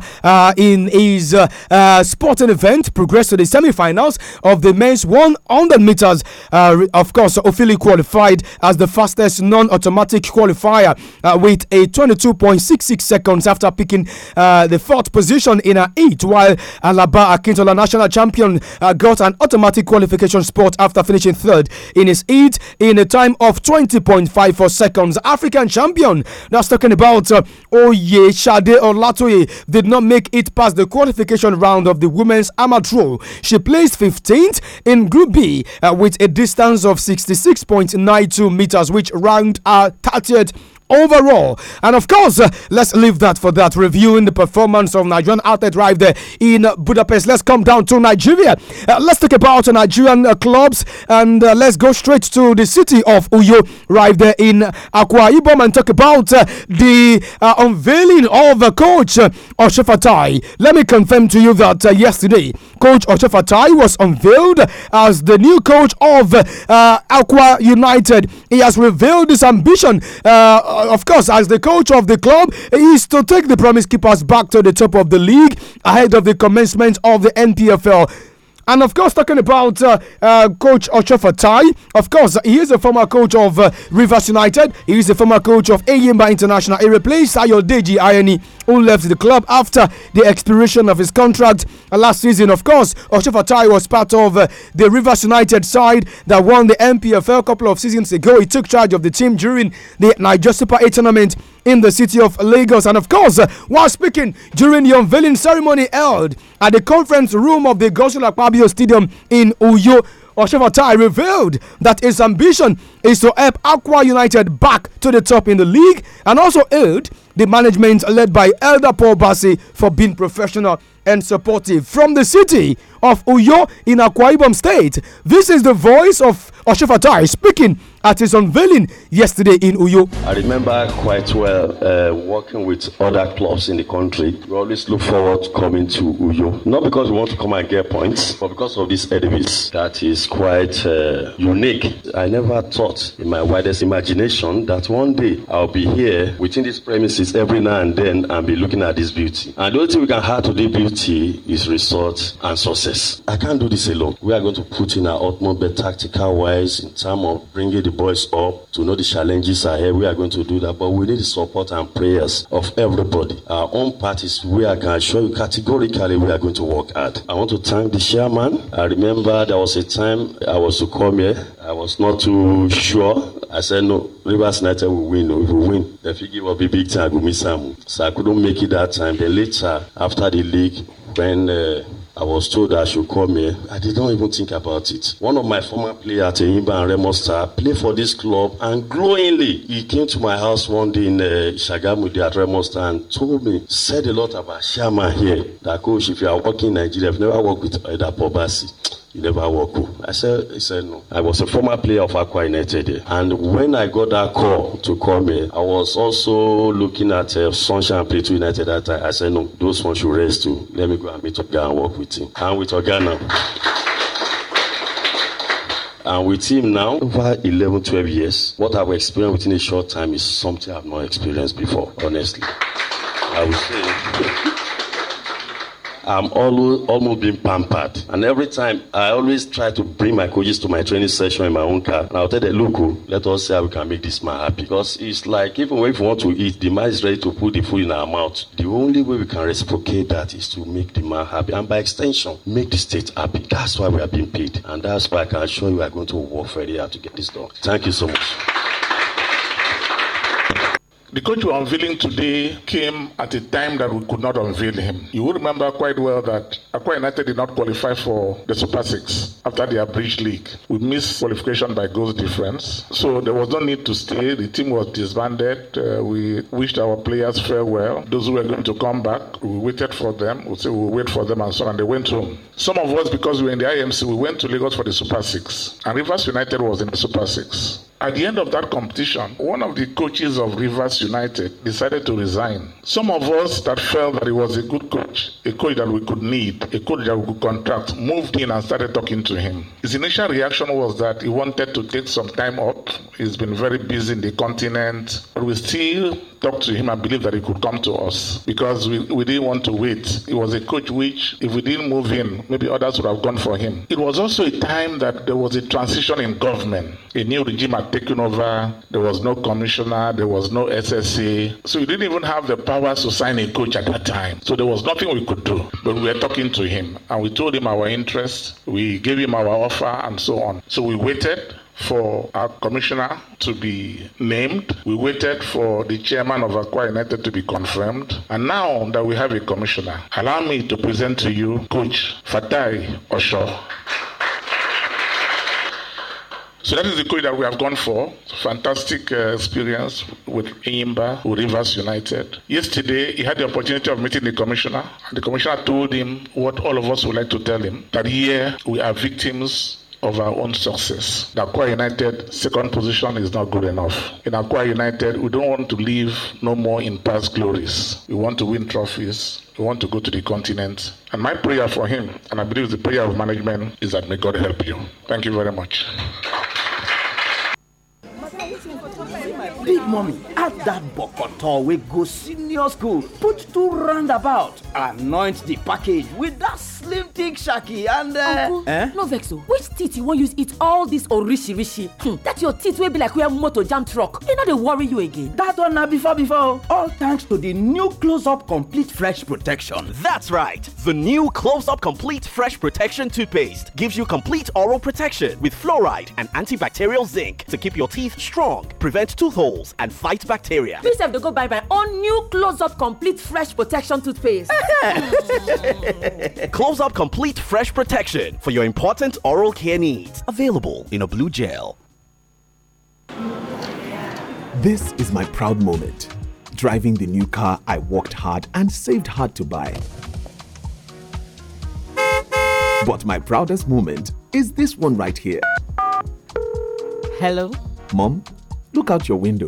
in his sporting event, progressed to the semi-finals of the men's 100 meters. of course, Ofili qualified as the fastest non-automatic automatic qualifier uh, with a 22.66 seconds after picking uh, the fourth position in a heat, while Alaba Akintola, national champion, uh, got an automatic qualification spot after finishing third in his heat in a time of 20.54 seconds. African champion, that's talking about uh, Oye Shade Olatoye, did not make it past the qualification round of the women's amateur. She placed 15th in Group B uh, with a distance of 66.92 meters, which ranked her it overall. And of course, uh, let's leave that for that. Reviewing the performance of Nigerian athlete right there in Budapest. Let's come down to Nigeria. Uh, let's talk about Nigerian uh, clubs and uh, let's go straight to the city of Uyo right there in Akwa Ibom and talk about uh, the unveiling of uh, coach uh, Oshifatai. Let me confirm to you that yesterday, coach Oshifatai was unveiled as the new coach of Akwa United. He has revealed his ambition uh, of course, as the coach of the club, is to take the promise keepers back to the top of the league ahead of the commencement of the NPFL and of course, talking about uh, uh, Coach Ochofatai, of course, he is a former coach of uh, Rivers United. He is a former coach of Ayimba International. He replaced Ayodeji Ayeni, who left the club after the expiration of his contract last season. Of course, Fatai was part of uh, the Rivers United side that won the MPFL a couple of seasons ago. He took charge of the team during the Niger Super 8 tournament in the city of Lagos. And of course, uh, while speaking during the unveiling ceremony held at the conference room of the Gosula Pabio Stadium in Uyo, Oshifatai revealed that his ambition is to help Aqua United back to the top in the league and also aid the management led by Elder Paul Bassi for being professional and supportive. From the city of Uyo in Akwa Ibom State, this is the voice of Oshifatai speaking at his unveiling yesterday in Uyo. I remember quite well uh, working with other clubs in the country. We always look forward to coming to Uyo, not because we want to come and get points, but because of this edifice that is quite uh, unique. I never thought in my widest imagination that one day I'll be here within these premises every now and then and be looking at this beauty. And the only thing we can have to this beauty is results and success. I can't do this alone. We are going to put in our utmost tactical wise in terms of bringing the boys up to know the challenges ahead. We are going to do that, but we need the support and prayers of everybody. Our own parties, we are going to show you categorically we are going to work hard. I want to thank the chairman. I remember there was a time I was to come here. I was not too sure. I said, no, Rivers United will win. If we win, The figure will be big time, we miss Samu. So I couldn't make it that time. But later, after the league, when uh, I was told I should come here. I did not even think about it. One of my former players, Imba and Remo Star, played for this club and glowingly he came to my house one day in uh, eh, Shagamu at Remo Star and told me, said a lot about Shaman here. That coach, if you are working in Nigeria, I've never worked with Eda Pobasi. You never Nwawoku. I said, he said no. I was a former player of Aqua United. And when I got that call to call me, I was also looking at uh, Sunshine Plateau United that time. I said, no, those ones should rest too. Let me go and meet Oga and work with him. I'm with Oga now. and with him now over 11 12 years what i've experienced within a short time is something i've not experienced before honestly i would say I'm always almost being pampered. And every time I always try to bring my coaches to my training session in my own car. And I'll tell them, look, oh, let us see how we can make this man happy. Because it's like even if we want to eat, the man is ready to put the food in our mouth. The only way we can reciprocate that is to make the man happy and by extension make the state happy. That's why we are being paid. And that's why I can assure you we are going to work very hard to get this done. Thank you so much. The coach we're unveiling today came at a time that we could not unveil him. You will remember quite well that Aqua United did not qualify for the Super Six after the abridged league. We missed qualification by goals difference, so there was no need to stay. The team was disbanded. Uh, we wished our players farewell. Those who were going to come back, we waited for them. We said we'll wait for them and so on. And they went home. Some of us, because we were in the IMC, we went to Lagos for the Super Six, and Rivers United was in the Super Six. At the end of that competition, one of the coaches of Rivers United decided to resign. Some of us that felt that he was a good coach, a coach that we could need, a coach that we could contract, moved in and started talking to him. His initial reaction was that he wanted to take some time off. He's been very busy in the continent, but we still talked to him and believed that he could come to us because we, we didn't want to wait. He was a coach which, if we didn't move him, maybe others would have gone for him. It was also a time that there was a transition in government. A new regime had taken over. There was no commissioner. There was no SSA. So we didn't even have the powers to sign a coach at that time. So there was nothing we could do. But we were talking to him and we told him our interest. We gave him our offer and so on. So we waited for our commissioner to be named. We waited for the chairman of Aqua United to be confirmed. And now that we have a commissioner, allow me to present to you Coach Fatai Osho. So that is the coach that we have gone for. Fantastic uh, experience with Imba, Rivers United. Yesterday, he had the opportunity of meeting the commissioner. And the commissioner told him what all of us would like to tell him that here we are victims of our own success. In Aqua United, second position is not good enough. In Aqua United, we don't want to live no more in past glories. We want to win trophies. We want to go to the continent. And my prayer for him, and I believe the prayer of management, is that may God help you. Thank you very much. big mommy add that bokoto we go senior school put two roundabout anoint the package with that slim thick shaki and uh, uncle eh? no vex which teeth you want use eat all this rishi? hmm. that your teeth will be like where motor jam truck You no dey worry you again. that one now before before all thanks to the new close up complete fresh protection. that's right the new close up complete fresh protection toothpaste gives you complete oral protection with fluoride and antibacterial zinc to keep your teeth strong prevent tooth holes and fight bacteria. me have to go buy my own new close up complete fresh protection toothpaste. close up Complete Fresh Protection for your important oral care needs. Available in a blue gel. This is my proud moment. Driving the new car I worked hard and saved hard to buy. But my proudest moment is this one right here. Hello? Mom, look out your window.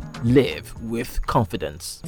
live with confidence.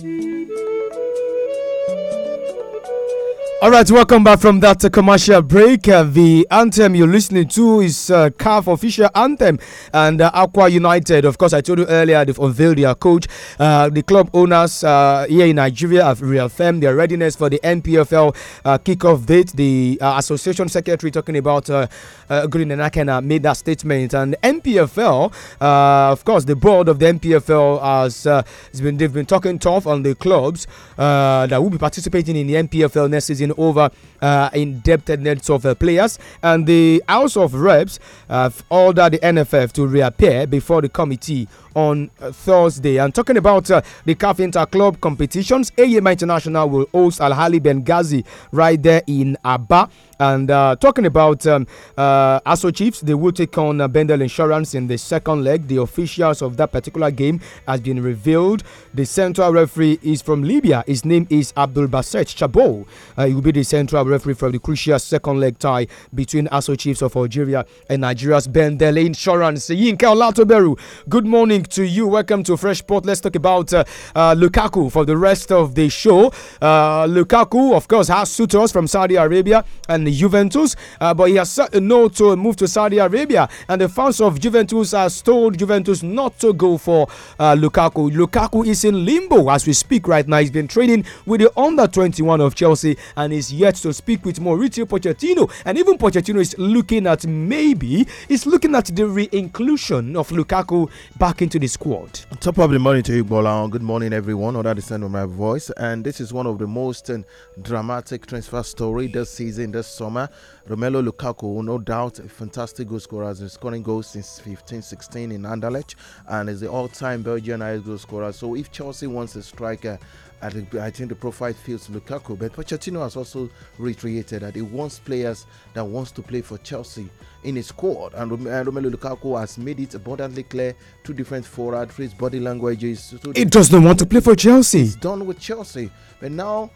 All right, welcome back from that uh, commercial break. Uh, the anthem you're listening to is uh, CAF official anthem and uh, Aqua United. Of course, I told you earlier they've unveiled their coach. Uh, the club owners uh, here in Nigeria have reaffirmed their readiness for the NPFL uh, kickoff date. The association secretary talking about uh, uh, Green and Akena made that statement. And NPFL, of course, the board of the NPFL has, has, been they've been talking tough on the clubs that will be participating in the NPFL next season over uh, indebtedness of uh, players. And the House of Reps have ordered the NFF to reappear before the committee on uh, Thursday. And talking about uh, the CAF Inter Club competitions, AYM International will host Al Hali Benghazi right there in Aba. And uh, talking about um, uh, ASO Chiefs, they will take on uh, Bendel Insurance in the second leg. The officials of that particular game has been revealed. The central referee is from Libya. His name is Abdul Baset Chabot. Uh, he will be the central referee from the crucial second leg tie between ASO Chiefs of Algeria and Nigeria's Bendele Insurance. Yinka Olatoberu, good morning to you. Welcome to Fresh Port. Let's talk about uh, uh, Lukaku for the rest of the show. Uh, Lukaku, of course, has suitors from Saudi Arabia and Juventus, uh, but he has said no to move to Saudi Arabia. And the fans of Juventus has told Juventus not to go for uh, Lukaku. Lukaku is in limbo as we speak right now. He's been training with the under 21 of Chelsea and is yet to speak with Mauricio Pochettino, and even Pochettino is looking at maybe he's looking at the re-inclusion of Lukaku back into the squad. Top of the morning to you, Bola. Good morning, everyone. Under the sound of my voice, and this is one of the most uh, dramatic transfer story this season, this summer. Romelu Lukaku, no doubt, a fantastic goal scorer, has been scoring goals since 15-16 in Anderlecht, and is the all-time Belgian highest goal scorer. So if Chelsea wants a striker, I think, I think the profile feels Lukaku, but Pochettino has also reiterated that he wants players that wants to play for Chelsea in his squad. And Romelu Lukaku has made it abundantly clear two different forward, his body languages. He does not want to play for Chelsea. He's done with Chelsea, but now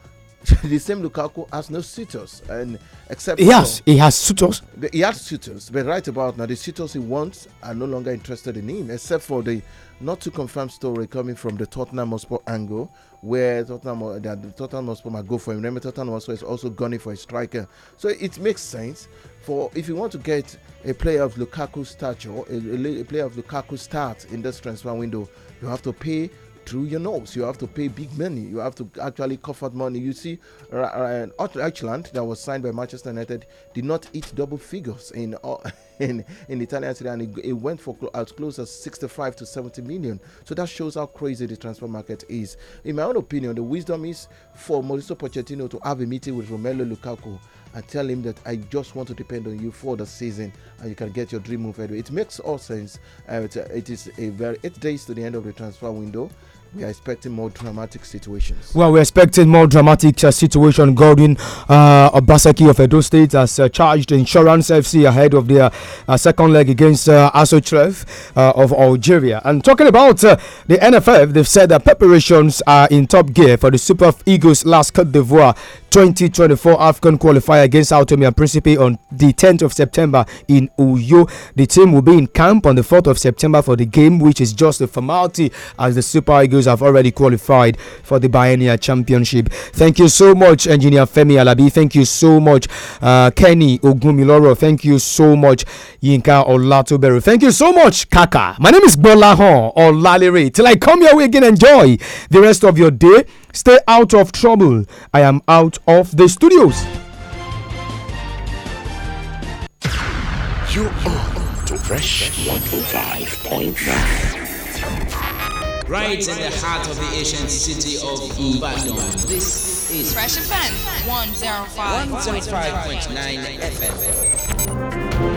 the same Lukaku has no suitors, and except he has he has suitors. he has suitors, but right about now, the suitors he wants are no longer interested in him, except for the not to confirm story coming from the Tottenham Hotspur angle, where Tottenham uh, that the Tottenham Hotspur might go for him. Remember, Tottenham Hotspur is also gunning for a striker, so it makes sense for if you want to get a player of Lukaku stature, a, a, a player of Lukaku start in this transfer window, you have to pay through your nose. You have to pay big money. You have to actually cough out money. You see, Ryan Ochland, that was signed by Manchester United, did not hit double figures in uh, in in Italian Serie, and it, it went for as close as 65 to 70 million. So that shows how crazy the transfer market is. In my own opinion, the wisdom is for Mauricio Pochettino to have a meeting with Romelu Lukaku and tell him that I just want to depend on you for the season and you can get your dream move anyway. It makes all sense. Uh, it, uh, it is a very eight days to the end of the transfer window we are expecting more dramatic situations. Well, we're expecting more dramatic uh, situation. Gordon uh, of Edo State has uh, charged Insurance FC ahead of their uh, second leg against uh, Asotrev uh, of Algeria. And talking about uh, the NFF, they've said that preparations are in top gear for the Super Eagles last Cote d'Ivoire 2024 African qualifier against Automi Principe on the 10th of September in Uyo. The team will be in camp on the 4th of September for the game, which is just a formality as the Super Eagles Eagles have already qualified for the Biennial Championship. Thank you so much, Engineer Femi Alabi. Thank you so much, uh, Kenny Ogumiloro. Thank you so much, Yinka Olatoberu. Thank you so much, Kaka. My name is Bolahon Olalere. Till I come your way again, enjoy the rest of your day. Stay out of trouble. I am out of the studios. You are on to Fresh 105.9 right in the heart of the ancient city of Ibadan. This is Fresh FM 105.9 FM.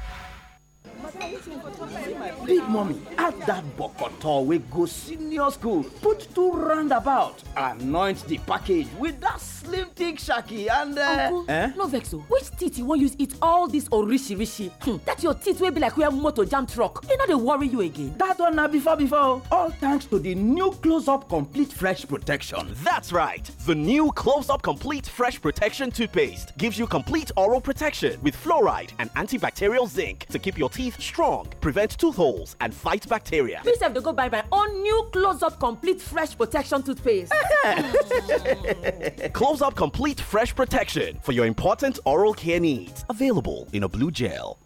big mommy add that bokoto wey go senior school put two roundabout anoint the package with that slim thick shaki and uh, uncle eh? no vex o which teeth you wan use eat all this orishirishi hmm That your teeth wey be like where motor jam truck e no dey worry you again dat one na before before all thanks to di new close up complete fresh protection that's right the new close up complete fresh protection toothpaste gives you complete oral protection with fluoride and antibacterial zinc to keep your teeth teeth strong, prevent tooth holes, and fight bacteria. Please have to go buy my own new Close Up Complete Fresh Protection toothpaste. Close Up Complete Fresh Protection for your important oral care needs. Available in a blue gel.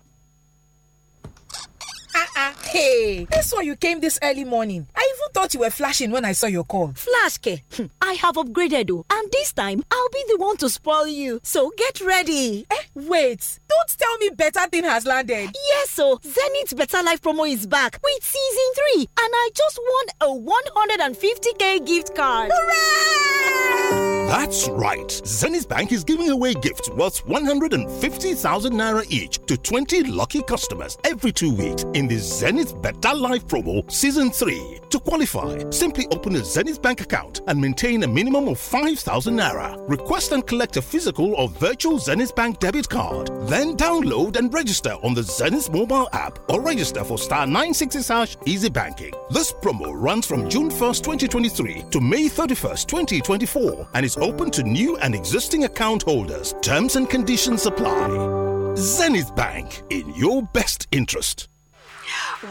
Ah, hey, that's why you came this early morning. I even thought you were flashing when I saw your call. Flash, K. Hmm, I have upgraded, oh, and this time I'll be the one to spoil you. So get ready. Eh, wait. Don't tell me better thing has landed. Yes, so oh. Zenith Better Life promo is back with season 3, and I just won a 150k gift card. Hooray! That's right. Zenith Bank is giving away gifts worth 150,000 naira each to 20 lucky customers every two weeks in the Zenith Better Life promo season 3. To qualify, simply open a Zenith Bank account and maintain a minimum of 5,000 naira. Request and collect a physical or virtual Zenith Bank debit card. Then download and register on the Zenith mobile app or register for star 960 slash easy banking. This promo runs from June 1st, 2023 to May 31st, 2024 and is open to new and existing account holders. Terms and conditions apply. Zenith Bank, in your best interest.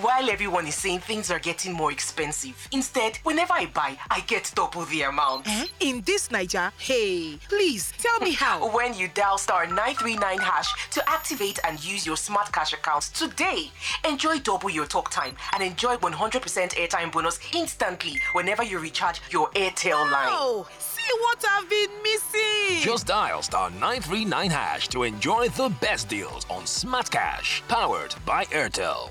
While everyone is saying things are getting more expensive, instead, whenever I buy, I get double the amount. Eh? In this Niger, hey, please tell me how. when you dial star 939 hash to activate and use your smart cash accounts today, enjoy double your talk time and enjoy 100% airtime bonus instantly whenever you recharge your Airtel line. Oh, what I've been missing. Just dial star 939 hash to enjoy the best deals on Smart Cash, powered by Airtel.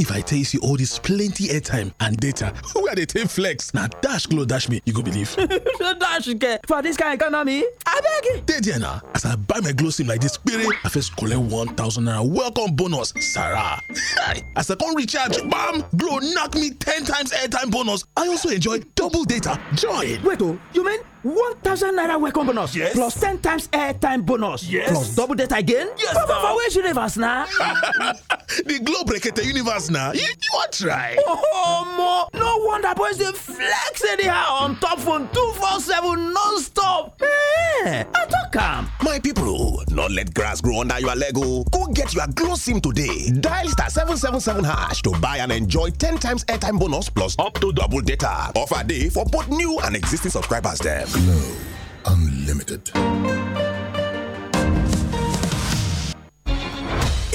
if i tell you see all this plenty airtime and data wey i dey take flex Now dash glow dash me you go believe. dash get for this kind economy I beg you. there na as i buy my glow sim like this, kpere i first collect one thousand naira welcome bonus sarah as i come recharge bam glow knock me ten times airtime bonus i also enjoy double data join. wait oh, you mean One thousand naira welcome bonus yes plus ten times airtime bonus yes plus double data again yes papa for which universe na the globe rekete universe na you you wan try oh mo no wonder boys dey flex anyhow on top phone two four seven non-stop ehn i tok am my pipo no let grass grow under your leg o oh. go get your glow sim today dial star seven seven seven hash to buy and enjoy ten times airtime bonus plus up to double data offer dey for both new and existing subscribers dem Glow Unlimited.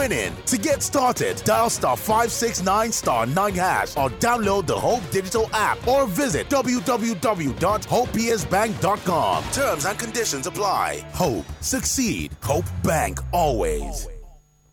winning. To get started, dial star 569 star 9 hash or download the Hope Digital app or visit www.hopeisbank.com. Terms and conditions apply. Hope, succeed. Hope Bank, always.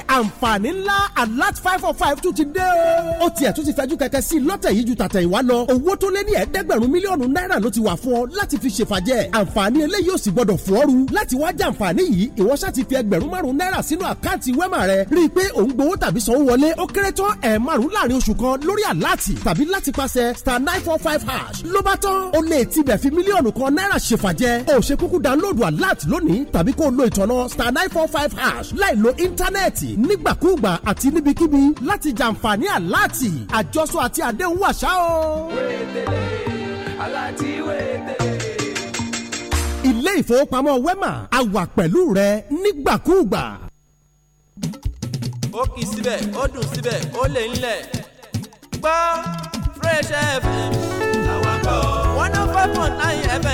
lọ́tẹ̀ àǹfààní ńlá alert five four oh five tún ti dé o. ó tiẹ̀ tún ti fẹ́jú kẹ̀kẹ́ sí i lọ́tẹ̀ yìí ju tàtẹ̀ ìwá lọ. owó tó lé ní ẹ̀ẹ́dẹ́gbẹ̀rún mílíọ̀nù náírà ló ti wà fún ọ láti fi ṣèfàjẹ́. àǹfààní eléyìí ò sì gbọdọ̀ fọ́ọ̀rù. láti wá jẹ àǹfààní yìí ìwọ ṣá ti fi ẹgbẹ̀rún márùn-ún náírà sínú àkáǹtì wẹ́mà rẹ. rí i pé ò ń gbowó tàbí sanwó star nine four five hash. ló bá tán o lè tibẹ̀ fi mílíọ̀nù kan náírà ṣèfàjẹ́. o ṣe kúkú lo ìtọ̀nà star nine four five hash láì lo íńtánẹ́ẹ̀tì aláàtì nígbàkúùgbà àti níbikíbi láti jàǹfààní aláàtì àjọsọ àti àdéhùn wàṣà o. wéèdèlè aláàtì wéèdèlè ilé ìfowópamọ́ wema a wà pẹ̀lú rẹ nígbàkúùgbà. ó kì í síbẹ̀ ó dùn síbẹ̀ ó lè ń lẹ̀ gbọ́ fresh fm one oh five point nine fm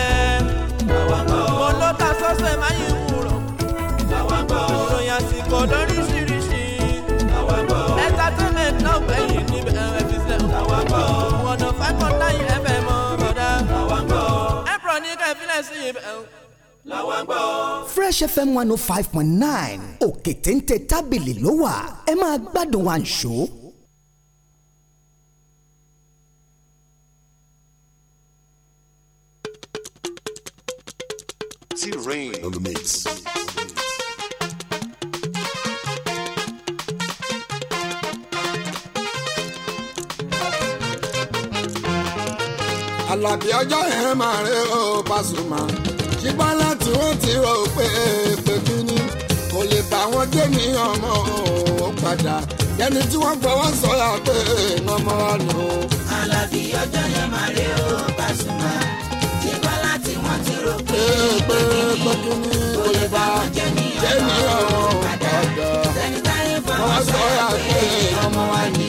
àwàkọ́ mo ló ta sọ́sẹ̀ máa ń wúrọ̀ ìròyìn àsìkò lórí ṣe. Fresh FM one oh five point nine òkè téńté tábìlì ló wà ẹ máa gbádùn wa ń wa n T-Rain on the mix. àlàbí ọjọ́ yẹn máa rẹ ó Pasuma ṣùgbọ́n láti wọ́n ti rò pé pé kíní kò lè bá wọn jẹ́ ní ọmọ ó padà ẹni tí wọ́n fọwọ́ sọ̀yà pé ọmọ wa nù. àlàbí ọjọ́ yẹn máa rẹ ó Pasuma ṣùgbọ́n láti wọ́n ti rò pé pé kíní kò lè bá wọn jẹ́ ní ọmọ ó padà ẹni táyé fọwọ́ sọ̀yà pé ọmọ wa nì.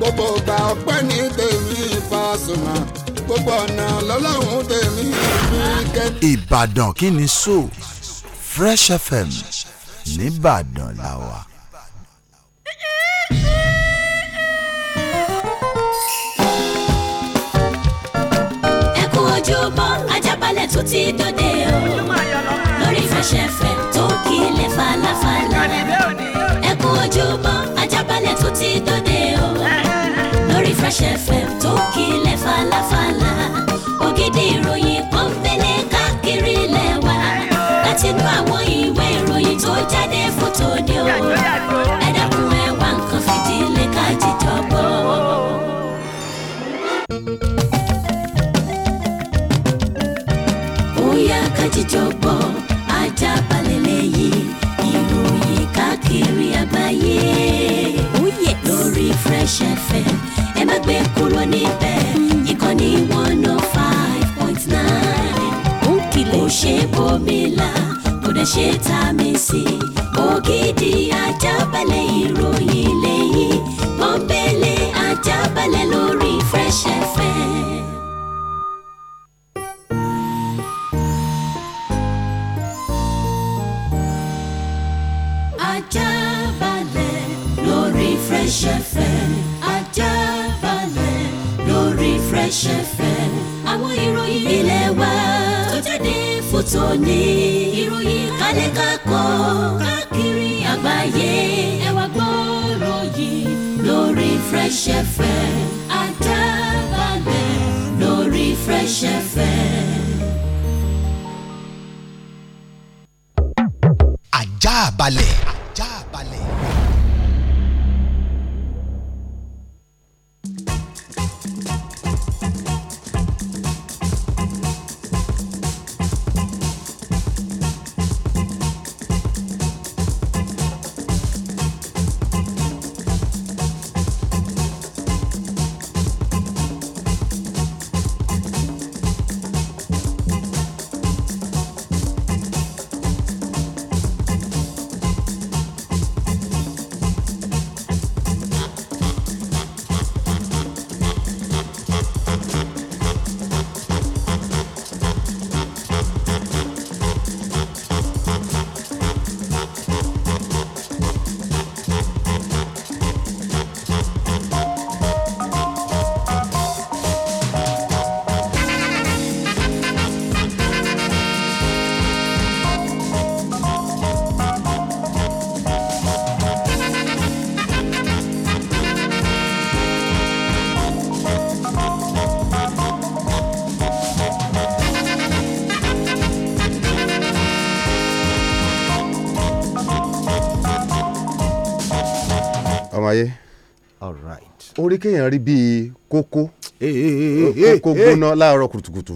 gbogbo ìgbà ọpẹ́ ní tèmi Pasuma gbogbo ọ̀nà lọ́lọ́run tèmi bí Ìbàdàn kí ni so Fresh FM nìbàdàn làwà. ẹ kú ojúbọ Ajaabale tó ti dòde o lórí Fresh FM. Fresh FM tó kílẹ̀ falafala ògidì ìròyìn kan fẹlẹ̀ káàkiri ilẹ̀ wa láti inú àwọn ìwé ìròyìn tó jáde fótó ni o ẹ dákun ẹ wá nǹkan fìdílé ká jíjọ bóyá ká jíjọ lẹ́yìn ìròyìn káàkiri àgbáyé oh lórí Fresh FM jáde kúrò níbẹ̀ ìkànnì one oh five point nine. ó kìlẹ̀ ó ṣe bòmílà kò dẹ̀ ṣe tá a mi sí. ògidì ajábalẹ̀ ìròyìn lẹ́yìn pọ́npẹ́lẹ́ ajábalẹ̀ lórí Fresh FM. tòní ìròyìn kálẹ̀ kakọ́ káàkiri àgbáyé ẹ wá gbọ́rọ̀ yìí lórí Fresh FM Àjààbálẹ̀ lórí Fresh FM. ọmọ ayé orí kéèyàn rí bíi kókó eh, eh, eh, kókó gbóná láàárọ̀ kùtùkùtù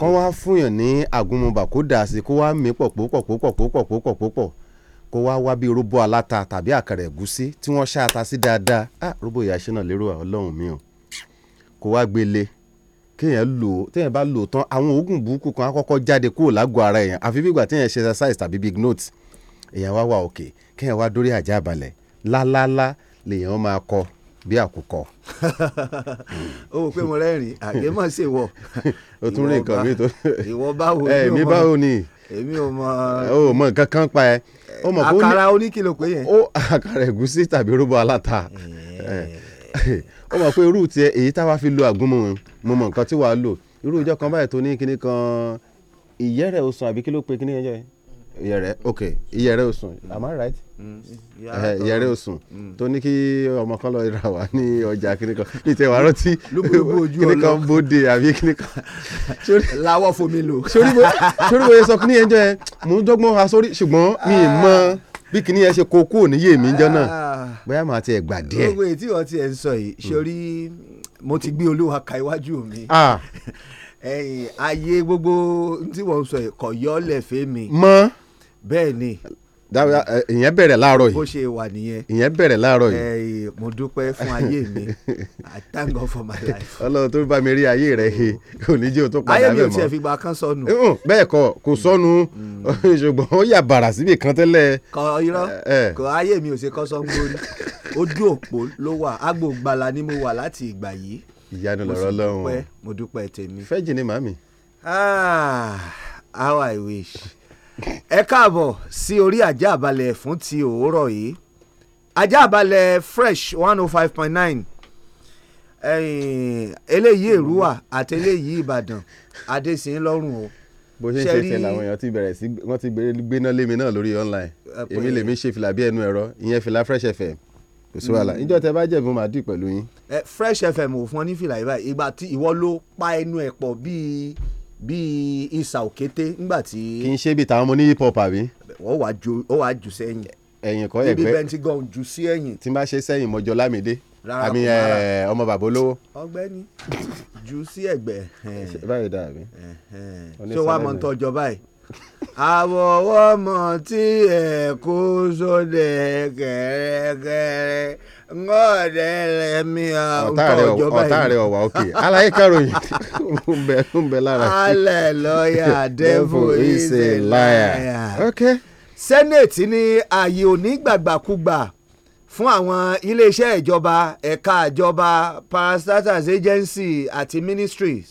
kán wá fúnyàn ní àgúnmọ̀bà kó dà sí kó wá mí pọ̀pọ̀ pọ̀pọ̀ pọ̀pọ̀ pọ̀pọ̀ pọ̀pọ̀ kó wá wá bíi robo aláta tàbí àkàrà ẹ̀gúsí tí wọ́n ṣáata sí dáadáa ah robo ìyàṣẹ́ náà lérò ọlọ́run mi o kó wá gbélé kéèyàn lò ó téèyàn bá lò ó tán àwọn oògùn burúkú kan á kọ́kọ́ jáde kúrò lágọ̀ọ́ ara èèyàn àfi bí ìgbà téèyàn ṣe exercise tàbí big note èèyàn wá wà òkè kéèyàn wá dórí àjà balẹ̀ lálálá lèèyàn máa kọ bí àkùkọ. o mọ̀ pé mo rẹ́rìn àgbẹ̀ mọ̀ sí ìwọ. o tún rí nǹkan mi tó. ìwọ báwo ni o mọ èmi báwo ni. èmi ò mọ. o mọ nǹkan kan pa ẹ. àkàrà oníkìlò pé yẹn. o àkàrà ẹ̀gúsí tàbí rúbọ aláta ó mọ̀ pé irú tiẹ̀ èyí táwa fi lo àgúnmu mo mọ̀ nǹkan tí wàá lò irú ìjọ kan báyìí tó ní kinní kan ìyẹ́rẹ̀ oṣù àbí kí ló pe kinní yẹn yẹn ìyẹrẹ ok ìyẹrẹ osun am I right ìyẹrẹ mm. osun tó ní kí ọmọ kan lọ ra wá ní ọjà kìnìkan ní tẹ wàá rántí kìnìkan bóde àbí kìnìkan. lawọ fomi lò. sórí bó ṣe sọ kí ni ẹjọ yẹn mò ń dọ́gbọ́n ha sórí ṣùgbọ́n mi ì mọ bí kìnìún yẹn ṣe kó kúrò níyè mi jọ náà bóyá màá tiẹ̀ gbà díẹ̀. gbogbo ètí ọ̀ tiẹ̀ ń sọ yìí mm. sórí mo ti gbé olúwa ka iwájú mi ẹ̀yin ayé gbogbo tí wọ́n sọ yìí kọ̀ yọ́ lẹ̀ fẹ́ mi. mọ́ bẹ́ẹ̀ ni ìyẹn bẹ̀rẹ̀ láàárọ̀ yìí bó ṣe wà nìyẹn ìyẹn bẹ̀rẹ̀ láàárọ̀ yìí. mo dúpẹ́ fún ayé mi I thank God for my life. ọlọ́run tó bá mi rí ayé rẹ̀ he kò ní jẹ́ o tó padà bẹ̀ mọ́. ayé mi ò tiẹ̀ fi gba kan sọnù. bẹ́ẹ̀ kọ́ kò sọnù mm. ṣùgbọ́n ó yà bàrà síbi kan tẹ́lẹ̀. kọ irọ́ kọ ayé mi ò ṣe kọ́ sọ́ngbóni ojú òpó ló wà agbóògbàlà ni mo wà láti ìgbà yìí. ìyanu ah how I wish ẹ káàbọ̀ sí orí ajá àbálẹ̀ fún ti òwúrọ̀ yìí ajá àbálẹ̀ fresh one oh five point nine eléyìí èrúwà àti eléyìí ìbàdàn adéṣin lọ́rùn o bó ṣe ń ṣe tiẹ̀ làwọn èèyàn ti bẹ̀rẹ̀ sí wọ́n ti gbéná lémi náà lórí online èmi lèmi ṣe fìlà bí ẹnu ẹ̀rọ ìyẹn fìlà fresh fm kò sí wàhálà níjọ́ mm. tẹ bá jẹ̀bùn máa dì pẹ̀lú yín. fresh fm ò fún ọ ní fìlà yìí báyìí ìgbà tí ìwọ ló pa ẹnu ẹ̀ pọ̀ bíi bíi ìsà òkété ńgbà tí. kì í ṣe ibi táwọn ọmọ ní hip hop àbí. ó wàá ju ó wàá jù sẹ́yìn. ẹ̀yìn kọ́ ẹ̀gbẹ́ ibi bentigon jù sí ẹ̀yìn. tí n bá ṣe sẹ́yìn mọ́jọ lámìdé àmì ọmọ bàbá olówó. ọ̀gbẹ́ni jù sí ẹ̀gbẹ́. báyìí dáa mi. ṣé wàá mọ̀ ń tọ́jọ báyìí àwọ̀wọ́ mọ̀ tí ẹ̀ kó sóde kẹ̀rẹ́kẹ̀rẹ́ ọ̀rẹ́ mi nǹkan ìjọba yìí. ọ̀tá rẹ̀ ọ̀wà òkè aláyé káròyìn ń bẹ ń bẹ lára. hallelujah devil is a liar. okay. senate ní ààyè onígbàgbàkúgbà fún àwọn iléeṣẹ́ ìjọba ẹ̀ka ìjọba parastatals agency àti ministries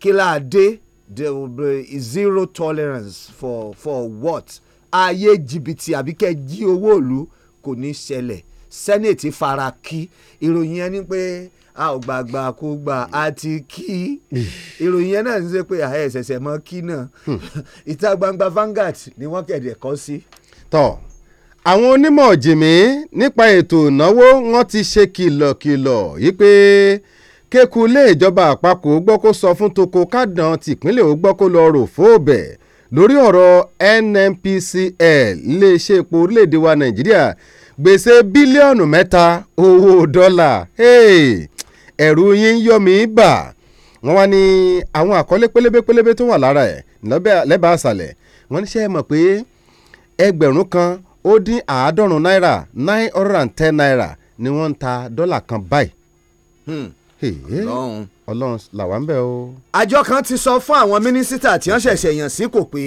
kí dé there will be zero tolerance for for what ààyè jìbìtì àbíkẹ́ jí owó ìlú kò ní ṣẹlẹ̀ senate fara kí ìròyìn yẹn ni pé a ò gbàgbà kó gbà á ti kí ìròyìn yẹn náà ń ṣe pé ààyè ṣẹ̀ṣẹ̀ mọ́ kí náà ìta gbangba Vanguard ni wọ́n kéde kọ́ sí. tọ́ àwọn onímọ̀ jìmí nípa ètò ìnáwó wọn ti ṣe kìlọ̀kìlọ̀ yí pé kéku ilé ìjọba àpapọ̀ gbọ́ kó sọ fún toko kádàn tìpínlẹ̀ ó gbọ́ kó lọ rò fóòbẹ̀ lórí ọ̀rọ̀ NNPCL iléeṣẹ́ epo orílẹ̀-èdè wa Nàìjíríà gbèsè bílíọ̀nù mẹ́ta owó dọ́là ẹ̀rù yín yọ mí bà wọ́n wá ní àwọn àkọlé pélébé pélébé tó wà lára ẹ̀ lẹ́bàá àṣàlẹ̀ wọ́n ní ṣe é mọ̀ pé ẹgbẹ̀rún kan ó dín àádọ́rùn náírà nine hundred and ten naira ni wọ́n ń ta dọ́là kan báyìí. Hmm. ọlọ́run làwọn ń bẹ̀ o. àjọ kan ti sọ fún àwọn mínísítà tí wọ́n ṣẹ̀ṣẹ̀ yàn sí kò pé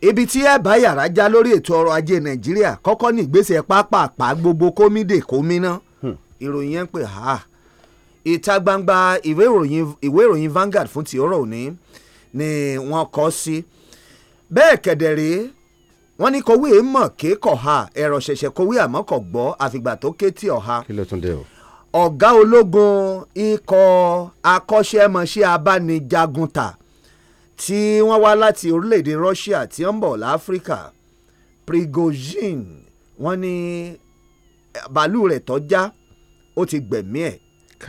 ibi tí ẹ bá yàrá já lórí ètò ọrọ̀ ajé nàìjíríà kọ́kọ́ ní ìgbésẹ̀ pápápá gbogbo kómìdè kómìnà hmm. ìròyìn yẹn ń pè ha ìta gbangba ìwé ìròyìn Vanguard fún ti ọ̀rọ̀ òní ni wọ́n kọ sí bẹ́ẹ̀ kẹ̀dẹ̀rẹ́ wọ́n ní kọ̀wé mọ̀ ké kọ̀ ha ẹ̀rọ ṣẹ̀ṣẹ̀ kọ̀wé àmọ́ kọ̀ gbọ́ àfìgbà tó ké tí ọ̀ha ọ̀gá ológun ikọ̀ akọ́ṣẹ́mọṣẹ́ abánijagun tí wọ́n wá láti orílẹ̀-èdè Russia tí ó ń bọ̀ láfíríkà Prigozhin wọ́n ní eh, bàálù rẹ̀ tó já ó ti gbẹ̀mí ẹ̀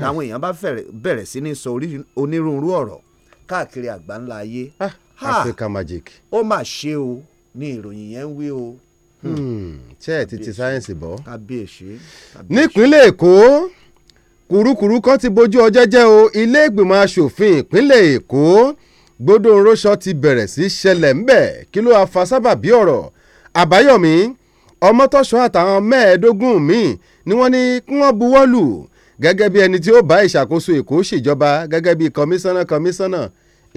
làwọn èèyàn bá bẹ̀rẹ̀ sí ní sọ onírúurú ọ̀rọ̀ káàkiri àgbáńlá ayé ah, Africa Magic ó mà ṣe o ní ìròyìn yẹn ń wí o. Hmm, ṣé ẹ ti ti sáyẹ́ǹsì bọ́. kábíyèsí. nípínlẹ̀ Èkó kùrukùru kan ti bójú ọjẹ́ jẹ́ o ilé ìgbìmọ̀ asòfin ìpínlẹ̀ Èkó gbódòrósọ ti bẹ̀rẹ̀ sí ṣẹlẹ̀ ńbẹ̀ kí ló afasábàbí ọ̀rọ̀ àbáyọ̀mí ọmọtọ́ṣọ́ àtàwọn mẹ́ẹ̀ẹ́dógún míì ni wọ́n ní kí wọ́n buwọ́ lù gẹ́gẹ́ bí ẹni tí ó bá ìṣàkóso èkó ṣèjọba gẹ́gẹ́ bí kọmíṣánná kọmíṣánná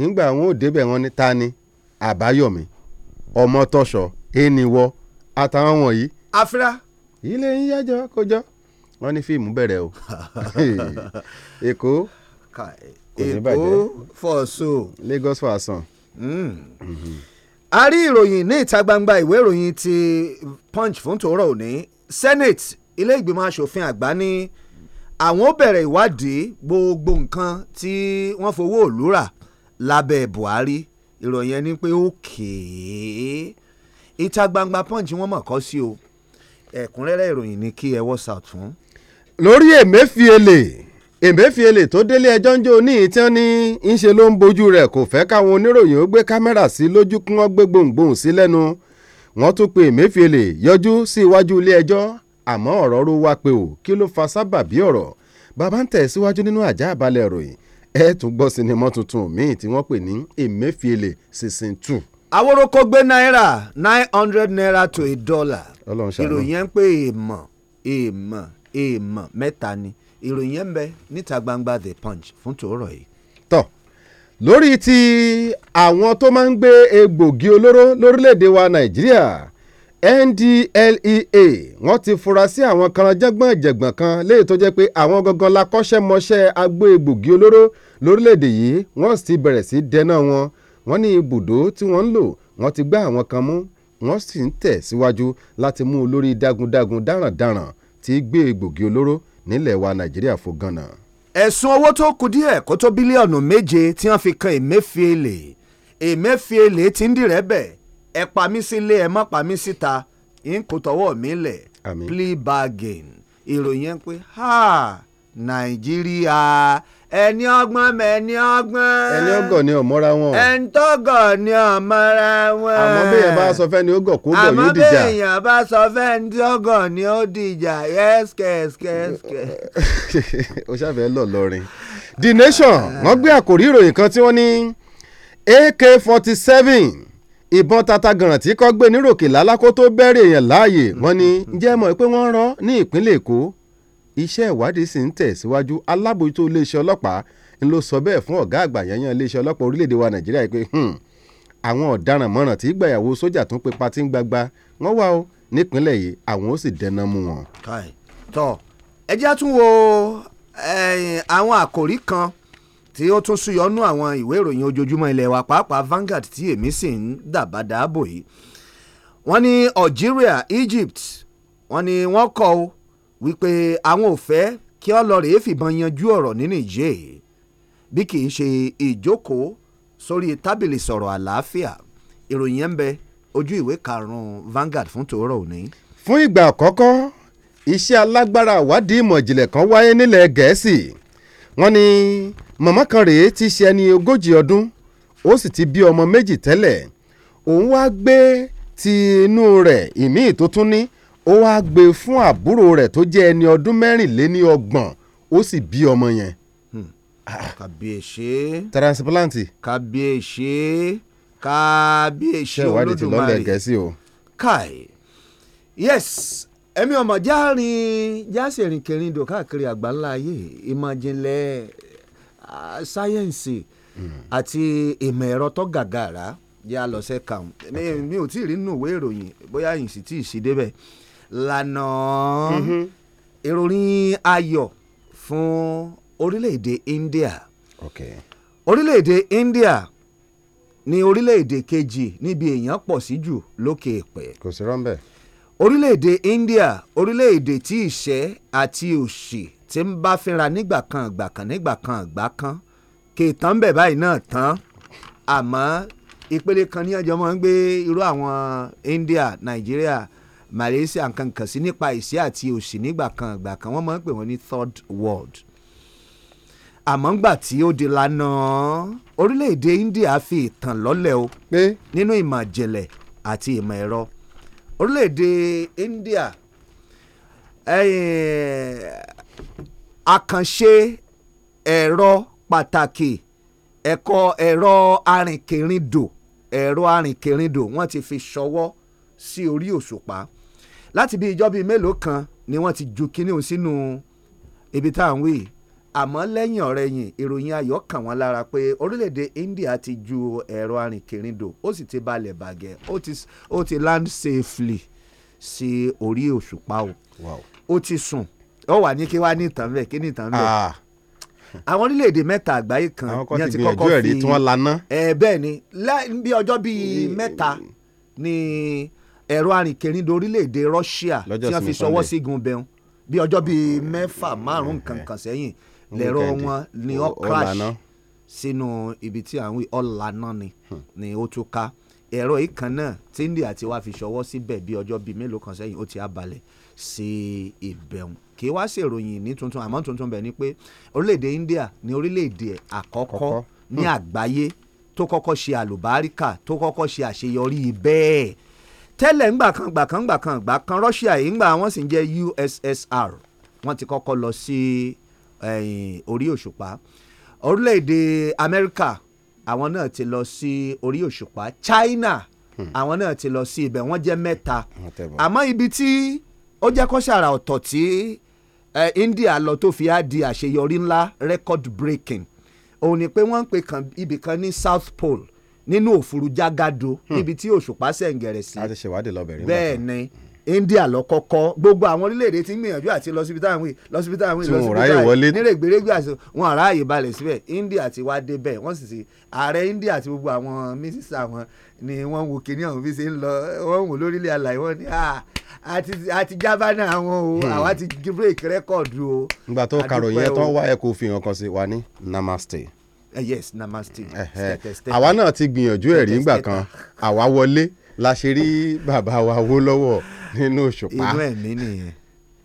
ńgbà wọn ò débẹ̀ wọn ní ta ni àbáyọ̀mí ọmọtọ́ṣọ́ ènìwọ àtàwọn wọ̀nyí. afra. ilé yín yájọ kójọ wọn ní fíìmù bẹ̀rẹ̀ o èkó èkó fọ̀ṣọ́. Lagos fàṣàn. Hmm. a rí ìròyìn ní ìta gbangba ìwé ìròyìn ti punch fún tòórọ́ òní senate ilé ìgbìmọ̀ asòfin àgbà ní àwọn ó bẹ̀rẹ̀ ìwádìí gbogbo nǹkan tí wọ́n fowó òlú rà lábẹ́ Buhari ìròyìn ẹni pé ó kéé ìta gbangba punch wọ́n mọ̀ kọ́ sí o ẹ̀kúnrẹ́rẹ́ ìròyìn ni kí ẹ wọ́sà tún. lórí Emefiele emefiele tó délé ẹjọ́ ń jó oníyìí tí wọ́n ní í ṣe ló ń bojú rẹ̀ kò fẹ́ káwọn oníròyìn ó gbé kámẹ́rà sí lójú kí wọ́n gbé gbohùngbohùn sí lẹ́nu wọ́n tún pe emefiele yọjú sí iwájú ilé ẹjọ́ àmọ́ ọ̀rọ̀ ro wá pé o kí ló fa sábàbí ọ̀rọ̀ bàbá ń tẹ̀síwájú nínú àjà àbálẹ̀ ìròyìn ẹ tún gbọ́ sinimá tuntun míì tí wọ́n pè ní emefiele season two. aworoko gbé náírà nine hundred naira to a dollar ìròyìn ẹ ń pè èèmọ̀ èèmọ̀ èèmọ̀ mẹ́ta ni ìròyìn ẹ̀ ń bẹ níta gbangba the punch fún tòórọ̀ yìí. tọ́ lórí ti àwọn tó máa ń gbé egbògi olóró lórílẹ̀‐èdè wa nàìjíríà NDLEA wọ́n ti fura sí àwọn kanranjẹ́gbọ́n ìjẹ̀gbọ̀n kan léyìí tó jẹ́ pé àwọn gangan la kọ́ṣẹ́mọṣẹ́ agbó egbògi olóró lórílẹ̀‐èdè yìí wọ́n sì bẹ̀rẹ̀ sí dẹná wọn wọ́n ní ibùdó tí wọ́n ń lò wọ́n ti gbá àwọn kan mú wọ́n sì ń tẹ̀ síwájú láti mú olórí dagundagun darandaran tí gbé egbògi olóró nílẹ̀ wa nàìjíríà fò gànà. ẹ̀sùn owó tó kù díẹ̀ kó tó bílíọ̀nù méje tí wọ́n fi kan Emefiele Emefiele ti ń dìrẹ́bẹ̀ ẹ pa mí sílé ẹ má pa mí síta ń kò tọwọ́ mi lẹ̀ plea bargain ìròyìn ẹ pé ha nàìjíríà ẹni ọgbọ́n mẹ́ni ọgbọ́n. ẹni ọgọ̀ ni ọ̀mọ́ra wọn. ẹni tọ́gọ̀ ni ọ̀mọ́ra wọn. àmọ́ bí èèyàn bá sọ fẹ́ni ó gọ̀ kó gọ̀ yóò dìjà. àmọ́ bí èèyàn bá sọ fẹ́ni tí ọgọ̀ ni ó dìjà yẹ́sìkẹ́sìkẹ́sìkẹ́. o ṣàfẹ́ lọ lọrin. The Nation wọ́n gbé àkòrí ìròyìn kan tí wọ́n ní AK forty seven ìbọn tata gàràn tí kò gbé níròkè lálákó tó bẹ́ẹ̀rẹ̀ èèyàn láàyè wọ́n ní ǹjẹ́ mọ̀ pé wọ́n rán ní ìpínlẹ̀ Èkó iṣẹ́ ìwádìí sì ń tẹ̀síwájú alábòjútó iléeṣẹ́ ọlọ́pàá ń lọ sọ bẹ́ẹ̀ fún ọ̀gá àgbà yanyan iléeṣẹ́ ọlọ́pàá orílẹ̀‐èdè wa nàìjíríà pé hmm, àwọn ọ̀daràn mọ̀ràn tí gbàyàwó sójà tún pe patí ń gbagba wọ́n wà ó nípínlẹ̀ yìí àwọn ó sì dẹná mú wọn. tọ ẹ jẹ́ tún wo àwọn àkòrí kan tí ó tún súyọnú àwọn ìwé ìròyìn ojoojúmọ́ ilẹ̀ wa pàápàá Vanguard tí èmi sì ń dàbàdàbò yìí wọ́n ní Algeria Egypt wọ́n ní wọ́n kọ́ ọ́ wípé àwọn ò fẹ́ kí ọlọ́rẹ̀ fìbọn yanjú ọ̀rọ̀ ní Niger bí kì í ṣe ìjókòó sórí tábìlì sọ̀rọ̀ àlàáfíà ìròyìn yẹn ń bẹ ojú ìwé karùn-ún Vanguard fún tòórọ̀ òní. fún ìgbà àkọ́kọ́ iṣẹ́ alágbára àwádìí ìmọ̀ ìjìnlẹ̀ kan wáyé nílẹ̀ gẹ̀ẹ́sì wọ́n ní màmá kan rèé ti ṣe ẹni ogójì ọdún ó sì ti bí ọmọ méjì tẹ́lẹ̀ òun wá gbé ti inú rẹ̀ ìmíì tó ní ó wáá gbé e fún àbúrò rẹ̀ tó jẹ́ ẹni ọdún mẹ́rìnléní ọgbọ̀n ó sì bí ọmọ yẹn. Hmm. Ah. kàbíyèsí. transplant. kàbíyèsí kàbíyèsí olódùmarè kai yes ẹ̀mí ọmọ járin jásẹ̀rìn kẹrin dò káàkiri àgbáńlá ayé ìmọ̀jìnlẹ̀ sáyẹ́ǹsì hmm. àti ìmọ̀ ẹ̀rọ tó gàgàrà yà lọ́sẹ̀ kàn mi ò tí ì rí nínú ìwé bóyá yìí sì tí ì sí débẹ̀ lánàá mm-hmm. ìròyìn ayọ̀ fún orílẹ̀-èdè India okay. orílẹ̀-èdè India ni orílẹ̀-èdè kejì níbi èèyàn pọ̀ sí jù lókè èpẹ̀. kò sí rọ́ńbẹ́. orílẹ̀-èdè India orílẹ̀-èdè tí ìṣẹ́ àti òṣì ti ń bá fínra nígbà kan ìgbà kan nígbà kan ìgbà kan kì í tán bẹ̀ báyìí náà tán àmọ́ ìpele kan ní ọjọ́ máa ń gbé irú àwọn India Nàìjíríà Malaysia nǹkan kan sí nípa ìsí àti òsì nígbà kan ìgbà kan wọ́n máa ń pè wọ́n ní third world àmọ́ ngbà tí ó di lana orílẹ̀-èdè India fi ìtàn lọ́lẹ̀ o nínú ìmọ̀ ìjìnlẹ̀ àti ìmọ̀ ẹ̀rọ orílẹ̀-èdè India eh, àkànṣe ẹ̀rọ pàtàkì ẹ̀kọ́ ẹ̀rọ arìnkèrindò ẹ̀rọ arìnkèrindò wọ́n ti fi ṣọwọ́ sí orí òṣùpá láti bí ìjọ́ bíi mélòó kan ni wọ́n ti ju kínní òun sínú ibi tá à ń wí àmọ́ lẹ́yìn ọ̀rẹ̀yìn ìròyìn ayọ̀ kàn wọ́n lára pé orílẹ̀-èdè India ti ju ẹ̀rọ arìnkèrindò ó sì ti balẹ̀ bàgẹ́ ó ti land safely sí orí òṣùpá o ó ti sùn ó wà ní kí wá ní ìtàn bẹ́ẹ̀ kí ní ìtàn bẹ́ẹ̀ ah. àwọn orílẹ̀-èdè mẹ́ta àgbáyé kan ní àti kọ́kọ́ fi ẹ̀ eh, bẹ́ẹ̀ ni bí ọjọ́ bíi mẹ́ta ni ẹ̀rọ arìnkèrindò orílẹ̀-èdè Russia tí wọ́n fi sọwọ́ sígun bẹ́ẹ̀ bí ọjọ́ bíi mẹ́fà márùn-ún kankan sẹ́yìn lẹ̀rọ wọn ni ó crash sínú ibi tí àwọn ọ̀làna ni hmm. ni ó tún ká ẹ̀rọ yìí kan náà tí India ti wá fi sọwọ́ síbẹ̀ bí ọjọ́ bíi mélòó kan sẹ́yìn ó ti á balẹ̀ sí ìbẹ̀rùn kì í wá ṣèròyìn ní tuntun àmọ́ tuntun bẹ̀ ni pé orílẹ̀-èdè India ni orílẹ̀-èdè àkọ́kọ́ ní hmm. àgbáyé tó kọ́kọ́ ṣe àlùbáríkà tó kọ́kọ́ ṣe àṣeyọrí bẹ́ẹ̀ tẹ́lẹ̀ ńgbà kan gbà kan gbà kan gbà kan Russia yìí ńgbà wọ́n sì ń jẹ́ USSR wọ́n ti kọ́kọ́ lọ sí orí òṣùpá orílẹ̀-èdè Amẹ́ríkà àwọn náà ti lọ sí orí òṣùpá China hmm. àwọn náà ti lọ sí ibẹ̀ wọ́n jẹ́ mẹ́ta àmọ́ ibi tí ó jẹ́ kó ọ̀tọ̀ tí India lọ tó fi á di àṣeyọrí ńlá record breaking òun ni pé wọ́n ń pè ibì ní South Pole nínú òfuru jágado hmm. níbi tí òṣùpá ṣẹ̀ǹgẹ̀rẹ̀ sí. a ti ṣèwádìí lọ́bẹ̀rẹ̀ bẹ́ẹ̀ ni India lọ kọ́kọ́ gbogbo àwọn orílẹ̀-èdè tí ń gbìyànjú àti lọ́sibítà àwọn lọ́sibítà àwọn lọ́sibítà àwọn nírègbèrègbè àti wọn àráàyè balẹ̀ síbẹ̀ India ti wá débẹ̀ wọ́n sì ti ààrẹ India àti gbogbo àwọn mísísì àwọn ni wọ́n ń wo kíní àwọn fi ṣe ń lọ wọ́n ń wò lórílẹ̀ àlàyé wọn ni àti jábánà àwọn o hmm. àwa ti break record o. nígbà tó karòyìn ẹ tó wá ẹ kò fi hàn kan sí wa ní namaste. Uh, yes namaste. àwa náà ti gbìyànjú ẹ̀rí ńgbà kan àwa wọlé la ṣe rí bàbá wa wó lọ́wọ́ nínú òṣùpá. inú ẹ̀mí nìyẹn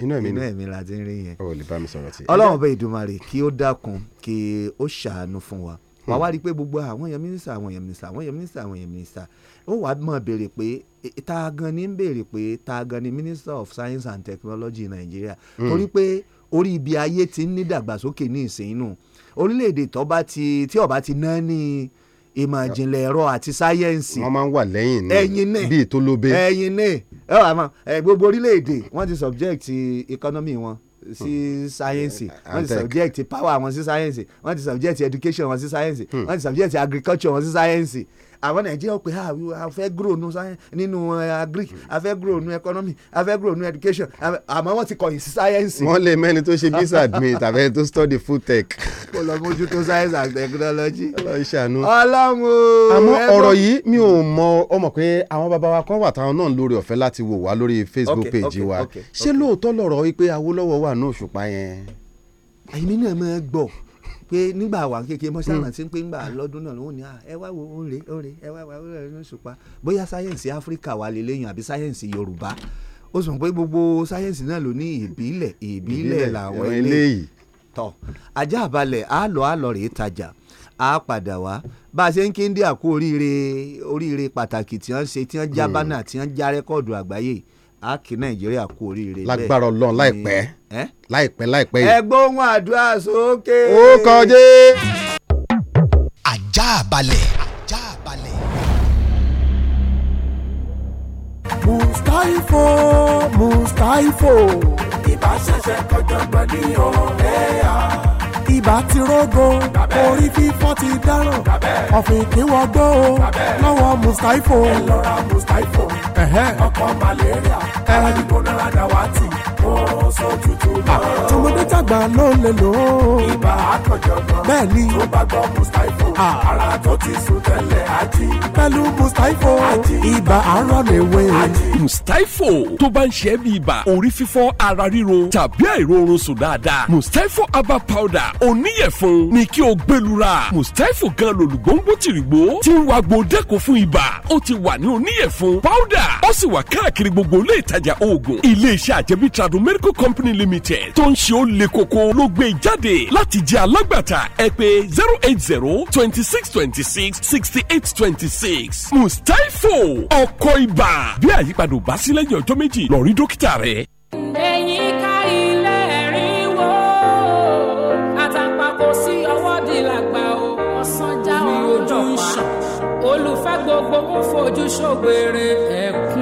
inú ẹ̀mí inú ẹ̀mí la ti ń rí yẹn. o lè bá mi sọ̀rọ̀ tí. ọlọ́run bẹ́ẹ̀ ìdùmarè kí ó dákun kí ó ṣàánú fún wa wà hmm. wá rí i pé gbogbo àwọn èèyàn mínísítà àwọn èèyàn mínísítà àwọn èèyàn mínísítà àwọn èèyàn mínísítà ó wàá mọ̀ béèrè pé e, ta gan ni ń béèrè pé ta gan ni minister of science and technology nàìjíríà hmm. torí pé orí ibi ayé ti ń ní dàgbàsókè ní ìsìn inú orílẹ̀-èdè tó bá ti tí ó bá ti ná ní ìmọ̀ ìjìnlẹ̀ ẹ̀rọ àti sáyẹ́ǹsì. wọ́n máa ń wà lẹ́yìn ní ẹ̀yìn ní bíi tó ló bẹ́. ẹ̀yìn ní gbogbo orílẹ̀-èdè wọ́n ti subject economy wọn sí hmm. sáyẹ́ǹsì eh, wọ́n ti subject power wọn sí sáyẹ́ǹsì wọ́n ti subject education wọn sí sáyẹ́ǹsì hmm. wọ́n ti subject agriculture wọn sí sáyẹ́ǹsì àwọn nàìjíríà ó pè á ah, a fẹ́ grow nu nínú agric eh, a grow nu economy a fẹ́ grow nu education àmọ́ wọ́n ti kọ̀yìn sí sáyẹ́nsì. wọ́n lè mẹ́ni tó ṣe business admin tàbí tó study food tech. kò lọ mójú science and technology. ọlọ́run ṣàánú. ọlọ́run o. àmọ́ ọ̀rọ̀ yìí mi ò mọ ọmọ pé àwọn bàbá wa kan wà táwọn náà lórí ọ̀fẹ́ láti wò wá lórí facebook page wa ṣé lóòótọ́ lọ́rọ̀ wípé Awólọ́wọ̀ wà ní òṣùpá yẹn. àyìnbí náà máa gbọ́ pé nígbà wà kékeré mọ́ sáà ti ń pé nígbà lọ́dún náà lóhùn ní à ah, ẹ wá wo ó rè ó rè ẹ wá wá ó rè ó ṣùpá bóyá sáyẹ̀nsì áfíríkà wà lélẹ́yìn àbí sáyẹ̀nsì yorùbá ó sọ pé gbogbo sáyẹ̀nsì náà ló ní ìbílẹ̀ ìbílẹ̀ làwọn eléyìí tọ̀ ajá àbálẹ̀ á lọ á lọ rèé tajà á padà wá bá a ṣe ń kí india oríire oríire pàtàkì tí wọ́n ṣe tí wọ́n já hmm. bánà tí wọ́n já rẹ́kọ̀dù àgbáyé á kí nàìjíríà kú oríire bẹ́ẹ̀ lágbára ọlọ́run láìpẹ́ láìpẹ́ láìpẹ́ yìí. ẹgbẹ́ ohun àdúrà sókè. ó kọjá. ajá balẹ̀. ajá balẹ̀. mustaifo mustaifo ìbáṣẹ̀ṣẹ̀ kọjọ́gbọ́n ní ọ̀rẹ́ yà ibà ti rógo orí fífọ́ ti dáràn ọ̀fìn ìpínwọ́gbó o lọ́wọ́ mùsítáífò. ẹ lọ ra mùsítáífò ọkọ̀ malaria aládìgbò náírà dàwátì ó sọ tutù náà. Ah, tọmọdé tàgbà ló lè lò ó. ibà àkànjọ̀gbọ́n bẹ́ẹ̀ ni tó bá gbọ́ mùsítáífò ah. ara tó ti sùn tẹ́lẹ̀ àjí. pẹ̀lú mùsítáífò ibà arọ lè wé. mùsítáífò tó bá ń ṣe é bí ibà orí fífọ́ ara ríro tàbí àìróorun sùn dáadáa mùsítáífò herbal powder oníyẹ̀fun ni kí o gbẹlura mustapha gan lòlùgbòǹgbò tìrìgbò ti ń wa gbòdẹ́kọ̀ fún ibà ó ti wà ní oníyẹ̀fun powder ó sì wà káàkiri gbogbo ilé ìtajà oògùn iléeṣẹ́ àjẹbí tradu medical company limited tó ń ṣe ó le koko ló gbé e jáde láti jẹ́ alágbàtà ẹ pè zero eight zero twenty six twenty six sixty eight twenty six mustapha ọkọ̀ ibà bí àyípadà ò bá sí lẹ́yìn ọjọ́ méjì lọ rí dókítà rẹ. You show where it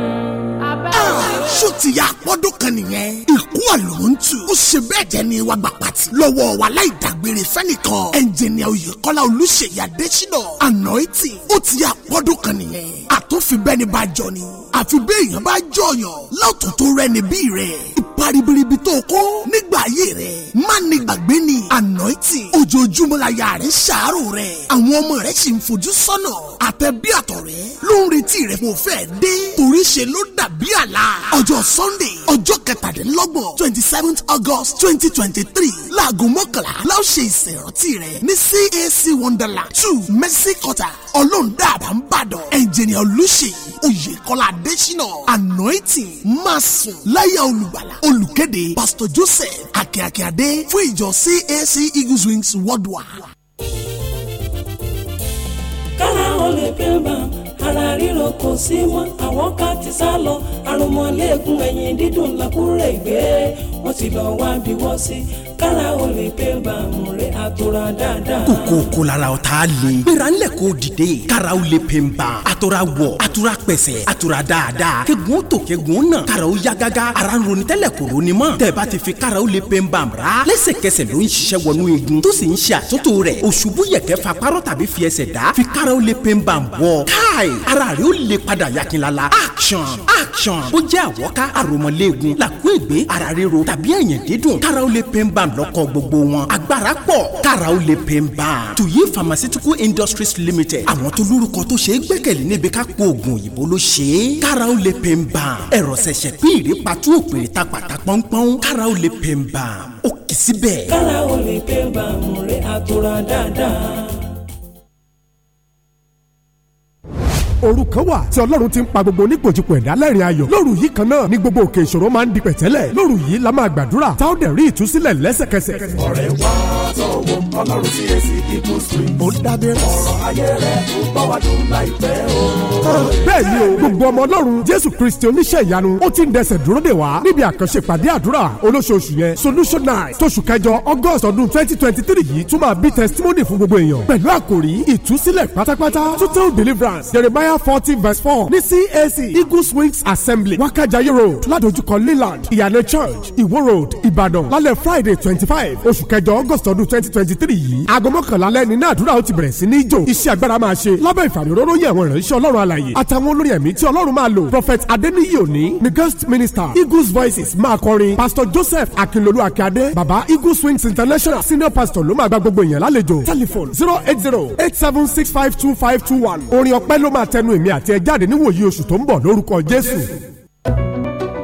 jésù ti yà àpọ́dún kan nìyẹn ìkú àlòǹtù ó ṣe bẹ́ẹ̀ jẹ́ ní wa gbà pàtì lọ́wọ́ wa láì dágbére fẹ́nìkan ẹnjìnìà oyèkọ́lá olùṣèyí adésínà ànáìtì ó ti yà àpọ́dún kan nìyẹn àtúnfin bẹ́ẹ̀ ni bá jọ ni àfi bẹ́ẹ̀ èèyàn bá jọyàn lọ́tún tó rẹ níbí rẹ̀ paribiribi tó kó nígbà ayé rẹ̀ má ní gbàgbé ni ànáìtì ojoojúmọ́ la yà rẹ̀ ṣàárò rẹ̀ àwọn ọmọ rẹ̀ sì ń fojú sọ́nà àtẹ̀bí àtọ̀rẹ́ ló ń retí rẹ̀ kò fẹ́ dé torí ṣe ló dàbí àlá ọjọ́ ọjọ́ sunday ọjọ́ kẹtàdínlọ́gbọ̀n twenty seventh august twenty twenty three láago mọ́kànlá láò ṣe ìṣèrántí rẹ̀ ní cac wonderland two mercy quarter ọlọ́run dáadáa ń bàdàn ẹnjìnìà olùṣe oyèkọ́lá adésínà anointing máa sùn láyà olùgbàlà olùkéde pastor joseph akíákíádé fún ìjọ cac eagles wings worldwide. kára ó lè pé bá a ara ríro kò sí mọ́ àwọn ká ti sá lọ àrùn mọ́lẹ́gùn ẹ̀yìn dídùn làkúrẹ́ ìgbé ó ti lọ wá bí wọ́n sí kára o lè pé bàmù rẹ̀ àtòrà dáadáa. kòkó kò lára ọ̀tá le gbéra ńlẹ̀ kò dìde kára o lè pè ń bà àtòrà wọ̀ àtòrà pẹ̀sẹ̀ àtòrà dáadáa kẹ́gun tó kẹ́gun náà kára o yá gágá ara ń ronú tẹ́lẹ̀ kò ronú mọ́ tẹ̀bá ti fi kára o lè pè ń rà lẹ́sẹ̀kẹsẹ̀ ló ń ṣiṣẹ́ wọnú igun tó sì ń ṣe àtúntò rẹ̀ òṣùbù yẹ̀kẹ́ fa párọ̀ tàbí fi ẹsẹ̀ dá fi kára o lè pè ń bà káì ara rẹ̀ ó lè padà action action ó jẹ́ àwọ́ká àròmọ̀lẹ́gun làkúègbé ara ríro dàbí ẹ̀yìn dídùn karaw le pain balm lọ́kọ̀ gbogbo wọn agbára pọ̀ karaw le pain balm tuyi pharmaceutical industries limited àwọn tó lórúkọ tó ṣe é gbẹ́kẹ̀lé níbi ká po oògùn òyìnbó ló ṣe é karaw le pain balm ẹ̀rọ ṣẹ̀ṣẹ̀ pín ìrèpàtú òpèrè ta pàtà pọ́npọ́n karaw le pain balm ó kì í síbẹ̀. karaw le pain balm rẹ̀ àtúrà dáadáa òru kan wà tí ọlọ́run ti ń pa gbogbo onígbòjìpọ̀ ẹ̀dá lẹ́rìn ayọ̀ lóru yìí kan náà ni gbogbo òkè ìṣòro máa ń di pẹ̀tẹ́lẹ̀ lóru yìí la máa gbàdúrà tá ó dẹ̀ rí ìtúsílẹ̀ lẹ́sẹ̀kẹsẹ̀. ọ̀rẹ́ wa tọ̀wọ̀ ọlọ́run sí èsì ìbò streams. ó dábẹ́. ọ̀rọ̀ ayé rẹ̀ ń bọ̀ wá dùn láìpẹ́ o. bẹ́ẹ̀ ni o gbogbo ọmọ ọlọ́run jésù kristi oníṣẹ́ ìyanu ó ti ń dẹsẹ̀ dúró dè wá níbi àkànṣe ìpàdé àdúrà olóṣooṣù yẹn solution night tóṣù kẹjọ august ọdún twenty twenty three yìí tún máa bí testimony fún gbogbo èèyàn pẹ̀lú àkòrí ìtúsílẹ̀ pátápátá total deliverance jeremiah isaiah forty verse four ní cac eagles wings assembly wákàjáyé road ládojúkọ leland ìyànà church Iwo road Ibadan. lálẹ́ friday twenty five oṣù kẹjọ august ọdún twenty twenty three yìí aago mọ́kànlá lẹ́ni náà àdúrà ó ti bẹ̀rẹ̀ sí ní jò iṣẹ́ agbára máa ṣe lábẹ́ ìfàmìróró yẹ̀ wọ́n ìránṣẹ́ ọlọ́run àlàyé àtàwọn olórin ẹ̀mí tí ọlọ́run máa lò prophet adeniyi òní ni guest minister eagles voices máa kọrin pastor joseph akinlolu akíade baba eagles wings international senior pastor ló máa gba gbogbo èèyàn lálejò telephone zero eight zero eight seven six five two five two one orin ọpẹ́ ló máa tẹ tẹnu èmi àti ẹ jáde níwòyí oṣù tó ń bọ̀ lórúkọ Jésù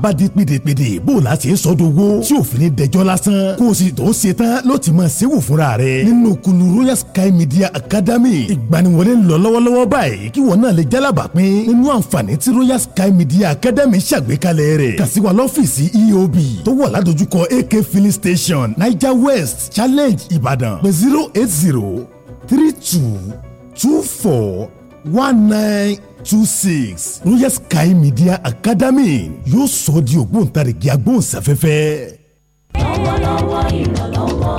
bá di pèdèpèdè bó o la ṣe sọ wo. tí òfin dẹjọ́ lásán kó o sì tó ṣe tán ló ti mọ̀ sẹ́wò fúnra rẹ̀ nínú kunu royal sky media academy ìgbaniwọlé ń lọ lọ́wọ́lọ́wọ́ báyìí kí wọ́n náà lè jálàbà pín nínú àǹfààní tí royal sky media academy ṣàgbékalẹ̀ rẹ̀ kà sí lọ́fíìsì eob tó wà ládojúkọ ak filling station niger west challenge Ibadan. pé zero eight zero three two two four one nine two six royal sky media academy yóò sọ ọ́ di ògbóǹtarìgì agbóhùnsáfẹ́fẹ́. lọ́wọ́lọ́wọ́ ìrànlọ́wọ́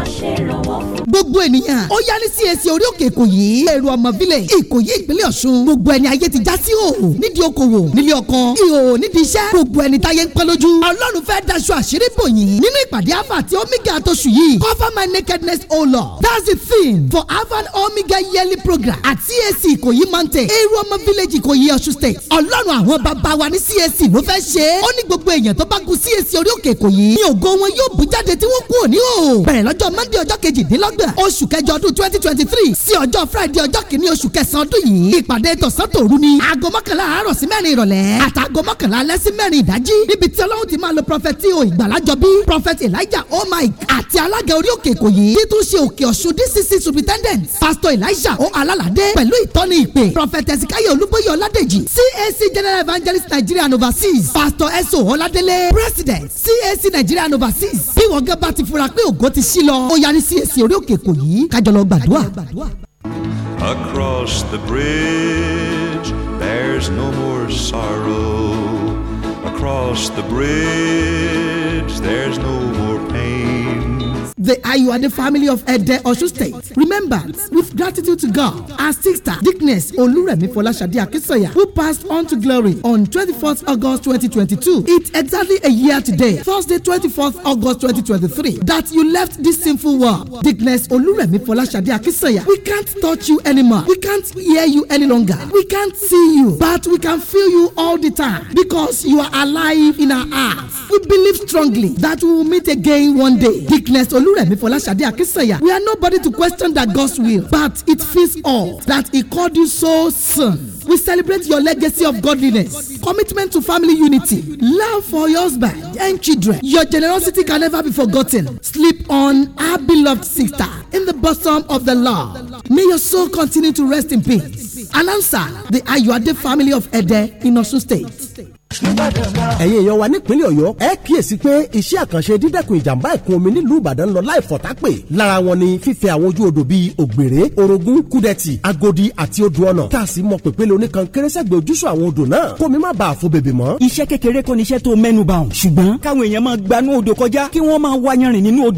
aṣèrànwọ́ gbogbo ènìyàn ó yá ní CAC orí òkè ìkòyí èrò ọmọ village ìkòyí ìpínlẹ̀ ọ̀ṣun gbogbo ẹni ayé ti já sí òòhùn nídìí okòwò nílé ọkàn ìhòòhò nídìí iṣẹ́ gbogbo ẹni táyé ń pẹ́ lójú ọlọ́run fẹ́ daṣọ àṣírí bò nínú ìpàdé afa àti omega àtọ̀sù yìí cover my nakedness o lord that's the thing for avan omega yearly program at CAC ìkòyí mountain èrò ọmọ village ìkòyí ọ̀ṣun state ọlọ́run àwọn bàbá wa ní CAC ló fẹ́ ṣe ó ní gbogbo èèyàn tó bá gun CAC orí òkè ìkòyí ní ògo wọn yóò december oṣù kẹjọ ọdún twenty twenty three sí ọjọ́ friday ọjọ́ kìíní oṣù kẹsàn-án ọdún yìí ìpàdé tọ̀sán tòru ni aago mọ́kànlá àárọ̀ sí mẹ́rin ìrọ̀lẹ́ àtàgọ́ mọ́kànlá alẹ́ sí mẹ́rin ìdájí níbi tí ọlọ́run ti máa lo prọfẹtì o ìgbàlájọ bí prọfẹtì elijah oh my àti alága orí òkè èkó yìí títún ṣe òkè ọ̀ṣun dcc superintendent pastor elijah o alálàdé pẹ̀lú ìtọ́ni ìpè prọfẹtì ẹ̀sìkáyọ̀ olúbóyè ọládèjì cac general evangelist nigeria and overseas pastor eso ọládélé president cac nigeria and overseas bí wọ́n gẹ́gẹ́ bá ti fura pé ògo ti ṣí lọ ó yarí cac orí òkè yìí kájọ lọ gbàdúrà. Across the bridge there's no more sorrow. Across the bridge there's no more. the the family of Ede, Osun State. Remember with gratitude to God. Our sister, Dickness Oluremi Folashade Akisoya, who passed on to glory on 24th August 2022. It's exactly a year today, Thursday 24th August 2023, that you left this sinful world. Dickness Oluremi Folashade Akisoya, we can't touch you anymore. We can't hear you any longer. We can't see you, but we can feel you all the time because you are alive in our hearts. We believe strongly that we will meet again one day. Dickness Oluremi Olúrẹ̀mí Fọláṣadé Akínsànyà. We are nobody to question that God's will, but it fits all that He called you so soon. We celebrate your legacy of godliness, commitment to family unity, love for your husband and children. Your generosity can never be forgotten. Sleep on our beloved sister in the bosom of the Lord. May your soul continue to rest in peace. Answer the Ayuade family of Ede in Osun State ẹ̀yin èèyàn wa nípínlẹ̀ ọ̀yọ́ ẹ kíyèsí pé iṣẹ́ àkànṣe dídẹ́kun ìjàmbá ìkún omi nílùú ìbàdàn lọ láì fọ̀tápè lára wọn ni fífẹ́ àwọn ojú odò bíi ògbèrè orogún kúdẹ̀tì agodi àti odò ọ̀nà tá a sì mọ pèpele oníkan kérésẹ́gbẹ̀ ojúṣọ àwọn odò náà kó mi má bàa fo bèbè mọ́. iṣẹ́ kékeré kọ́ ni iṣẹ́ tó mẹ́nu bà ọ̀hún ṣùgbọ́n káwọn èèyàn máa gbanú odò kọjá kí wọ́n máa wá yanrìn nínú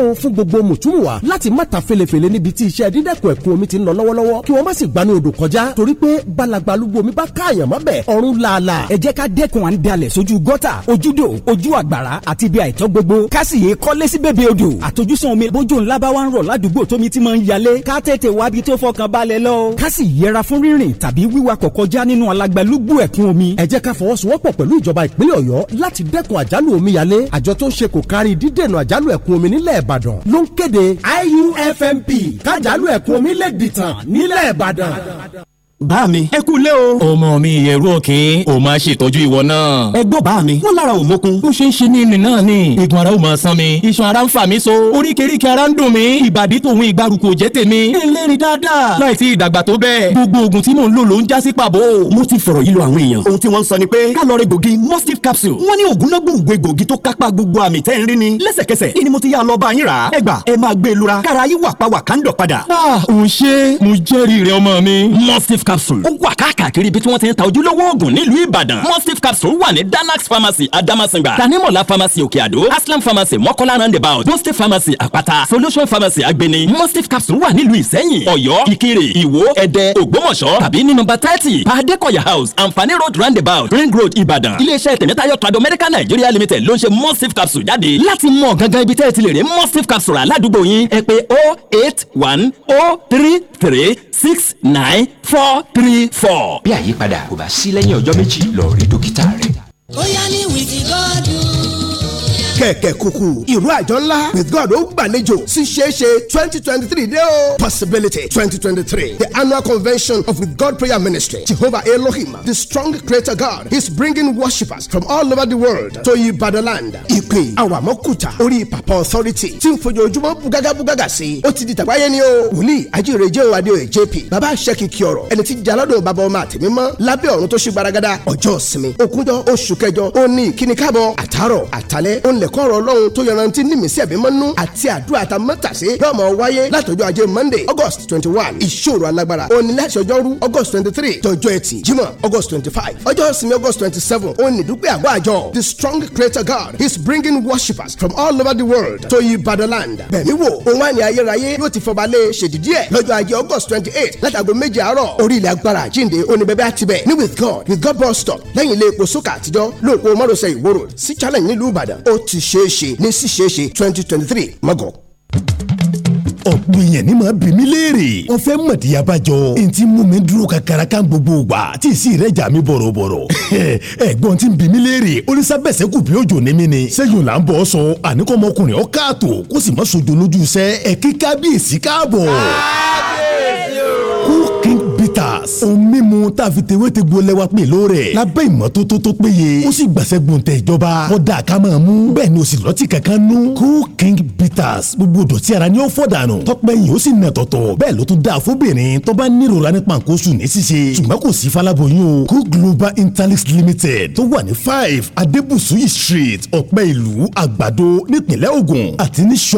o fún gbogbo mùtúmùwà láti má ta felefele níbi tí iṣẹ́ dídẹ́kun ẹ̀kún omi ti ń lọ ìgbani odò kọjá torí pé balagba alúgbó mi bá káàyàn mọ́bẹ̀ ọ̀run làálàá. ẹ jẹ́ ká dẹ́kun à ń dalẹ̀ sójú gọ́tà ojúdò ojú àgbàrá àti ibi àìtọ́ gbogbo kásìyè kọ́lé sí bèbè odò àtojúsùn omi bójú ńlá bá wà ń rọ̀ ládùúgbò tómi ti máa ń yalé ká tètè wábi tó fọkàn balẹ̀ lọ. kásì yẹra fún rírìn tàbí wíwakọ̀ kọjá nínú alagbalúgbú ẹ̀kún omi. ẹ jẹ́ ká fọwọ́sowọ́pọ̀ pẹ̀lú ìjọba ìpínlẹ̀ ọ̀yọ́ láti dẹ́kun àjálù omíyalé àjọ tó IUFMP kájálù ẹ̀kún omi lè dìtàn ada bá mi. ẹ kú lé o. ọmọ mi ìyẹ̀rú òkè o máa ṣètọ́jú ìwọ náà. ẹ gbọ́ bá mi. wọ́n lára ò mókun. ó ṣe ń ṣe ní ìrìn náà ni. igun ara ò máa san mi. iṣan ara ń fà mí so. oríkèéríkèé ara ń dùn mí. ìbàdí tòun ìgbàrúkọ jẹ́ tèmi. ẹlẹ́rìí dáadáa. láì sí ìdàgbà tó bẹ́ẹ̀. gbogbo oògùn tí mò ń lò ló ń já sí pàbó. mo ti fọ̀rọ̀ yí lọ àwọn èèyàn. ohun tí wọ́n ń sọ ni pé kálọ̀rì gògì mustif capsule. wọ́n ní oògùn náà gbòǹgbò egbògi tó kápá gbogbo àmì tẹ́ ń rí ni. lẹ́sẹ̀kẹsẹ̀ ni mo ti yá lọ bá yín rà á. ẹ gbà ẹ máa gbé e lura. kára yín wà pa wà ká ń dọ̀ padà. ah òun ṣe mo jẹ́rìí rẹ ọmọ mi. mustif capsule ó wà káàkiri ibi tí wọ́n ti ń ta ojúlówó oògùn nílùú Ìbàdàn mustif capsule wà ní danax pharmacy adamasingba tanimola pharmacy òkè aslam pharmacy mọ́kànlá roundabout mustif pharmacy àpáta solution pharmacy agbeni mustif capsule wà nílùú Ìsẹ́yìn Ọ̀yọ́ Ìkirè Ìwó Ẹdẹ Ògbómọ̀ṣọ́ tàbí ní nọ́mbà thirty pàdékọ̀yà house anfani road roundabout ring road Ìbàdàn iléeṣẹ́ tẹ̀mẹ́tayọ̀ tọ́jú medical Nigeria limited ló ń ṣe mustif capsule jáde láti mọ̀ gangan ibi tẹ́ ti lè rí mustif capsule aládùúgbò yín ẹ pé oh eight one oh three three six nine four three four. bí àyípadà kò bá sí lẹ́yìn ọjọ́ méjì lọ rí dókítà rẹ. ó ní wìkì gọ́dù kẹ̀kẹ́ kúkú ìró àjọ ńlá with God ó gbàlejò sí ṣeéṣe twenty twenty three dé o. possibility twenty twenty three the annual convention of with God prayer ministry Jehovah Elohim the strong creator God is bringing worshippers from all over the world to Ibadanland ìpè àwàmọ́kùtà orí papa authority tí ń fojoojúmọ́ bugaga bugaga sí ó ti di tàgbáyé ni o wòlíì ajíire jẹ́ òwádìí òye jp bàbá àṣẹkìkì ọ̀rọ̀ ẹni tí jalọ́dọ̀ bàbá ọmọ àtẹ̀mí mọ́ lábẹ́ ọ̀run tó ṣe gbaragada ọjọ́ sinmi òkúnjọ́ oṣù kẹjọ ó ní kíni káàbọ̀ àtàrọ̀ àtàlẹ́ ó ń lẹ ìdánilẹ́kọ̀ọ́ ọ̀rọ̀ ọlọ́run tó yanrantí nímísí ẹ̀mí mọ́nú àti àdúrà tá mọ́tàṣe yóò máa wáyé látọjọ́ ajé monday august twenty one ìṣòro alágbára òní láti ọjọ́rú august twenty three tọjọ́ ẹtì jímọ̀ august twenty five ọjọ́ sinmi august twenty seven òní dúpẹ́ àgọ́ àjọ the strong creator god is bringing worshippers from all over the world to ibadanland bẹ̀mí wò òun wà ní ayérayé yóò ti fọba lé ṣèdídí ẹ̀ lọ́jọ́ ajé august twenty eight látago méje àárọ̀ orí ilẹ̀ agbára àjíǹde oníbẹ̀bẹ̀ àtibẹ̀ ní with god with god bus stop lẹ́yìn ilé epo sókà àtijọ́ lóòpọ̀ márosẹ̀ ìwòrò sí challenge nílùú ìbàdàn ó ti ṣíṣeéṣe ní ṣíṣeéṣe twenty twenty three mago ọ̀pọ̀ èèyàn ní máa bí mi léèrè wọ́n fẹ́ mọ̀dí abájọ n ti mú mi dúró ka karaka gbogbo wa tí ì sí ìrẹ́jà mi bọ̀rọ̀bọ̀rọ̀ ẹ̀gbọ́n ti bí mi léèrè olùsàbẹ̀sẹ̀ kù bí òjò ní mi ni sẹ́yìn là ń bọ̀ sọ àníkọ́mọkùnrin ọ̀ká àtò kó sì má sojo lójú sẹ́ ẹ̀ kábíyèsí káàbọ̀. kábíyèsí o. Plus. ohun mímu tá a fi tewé te gbolẹ̀ wa pè lóore lábẹ́ ìmọ́tótó tó péye ó sì gbàsẹ́ gbòǹtẹ̀ ìjọba kọ́dà ká máa mú bẹ́ẹ̀ ni o sì lọ́tì kankan nú. Cool King Bitters gbogbo dọ̀tí ara ni ó fọ̀ dànù tọ́pẹ́ yìí ó sì nà tọ̀tọ̀ bẹ́ẹ̀ ló tún dáa fóbìnrin tó bá nírora ní pàǹkóṣù ní ṣíṣe ṣùgbọ́n kò sí falaboyún o Cool Global Interlix Limited tó wà ní five Adébùsúyì Street ọ̀pẹ́ ìlú Àgbàdo nípìnlẹ̀ Ògùn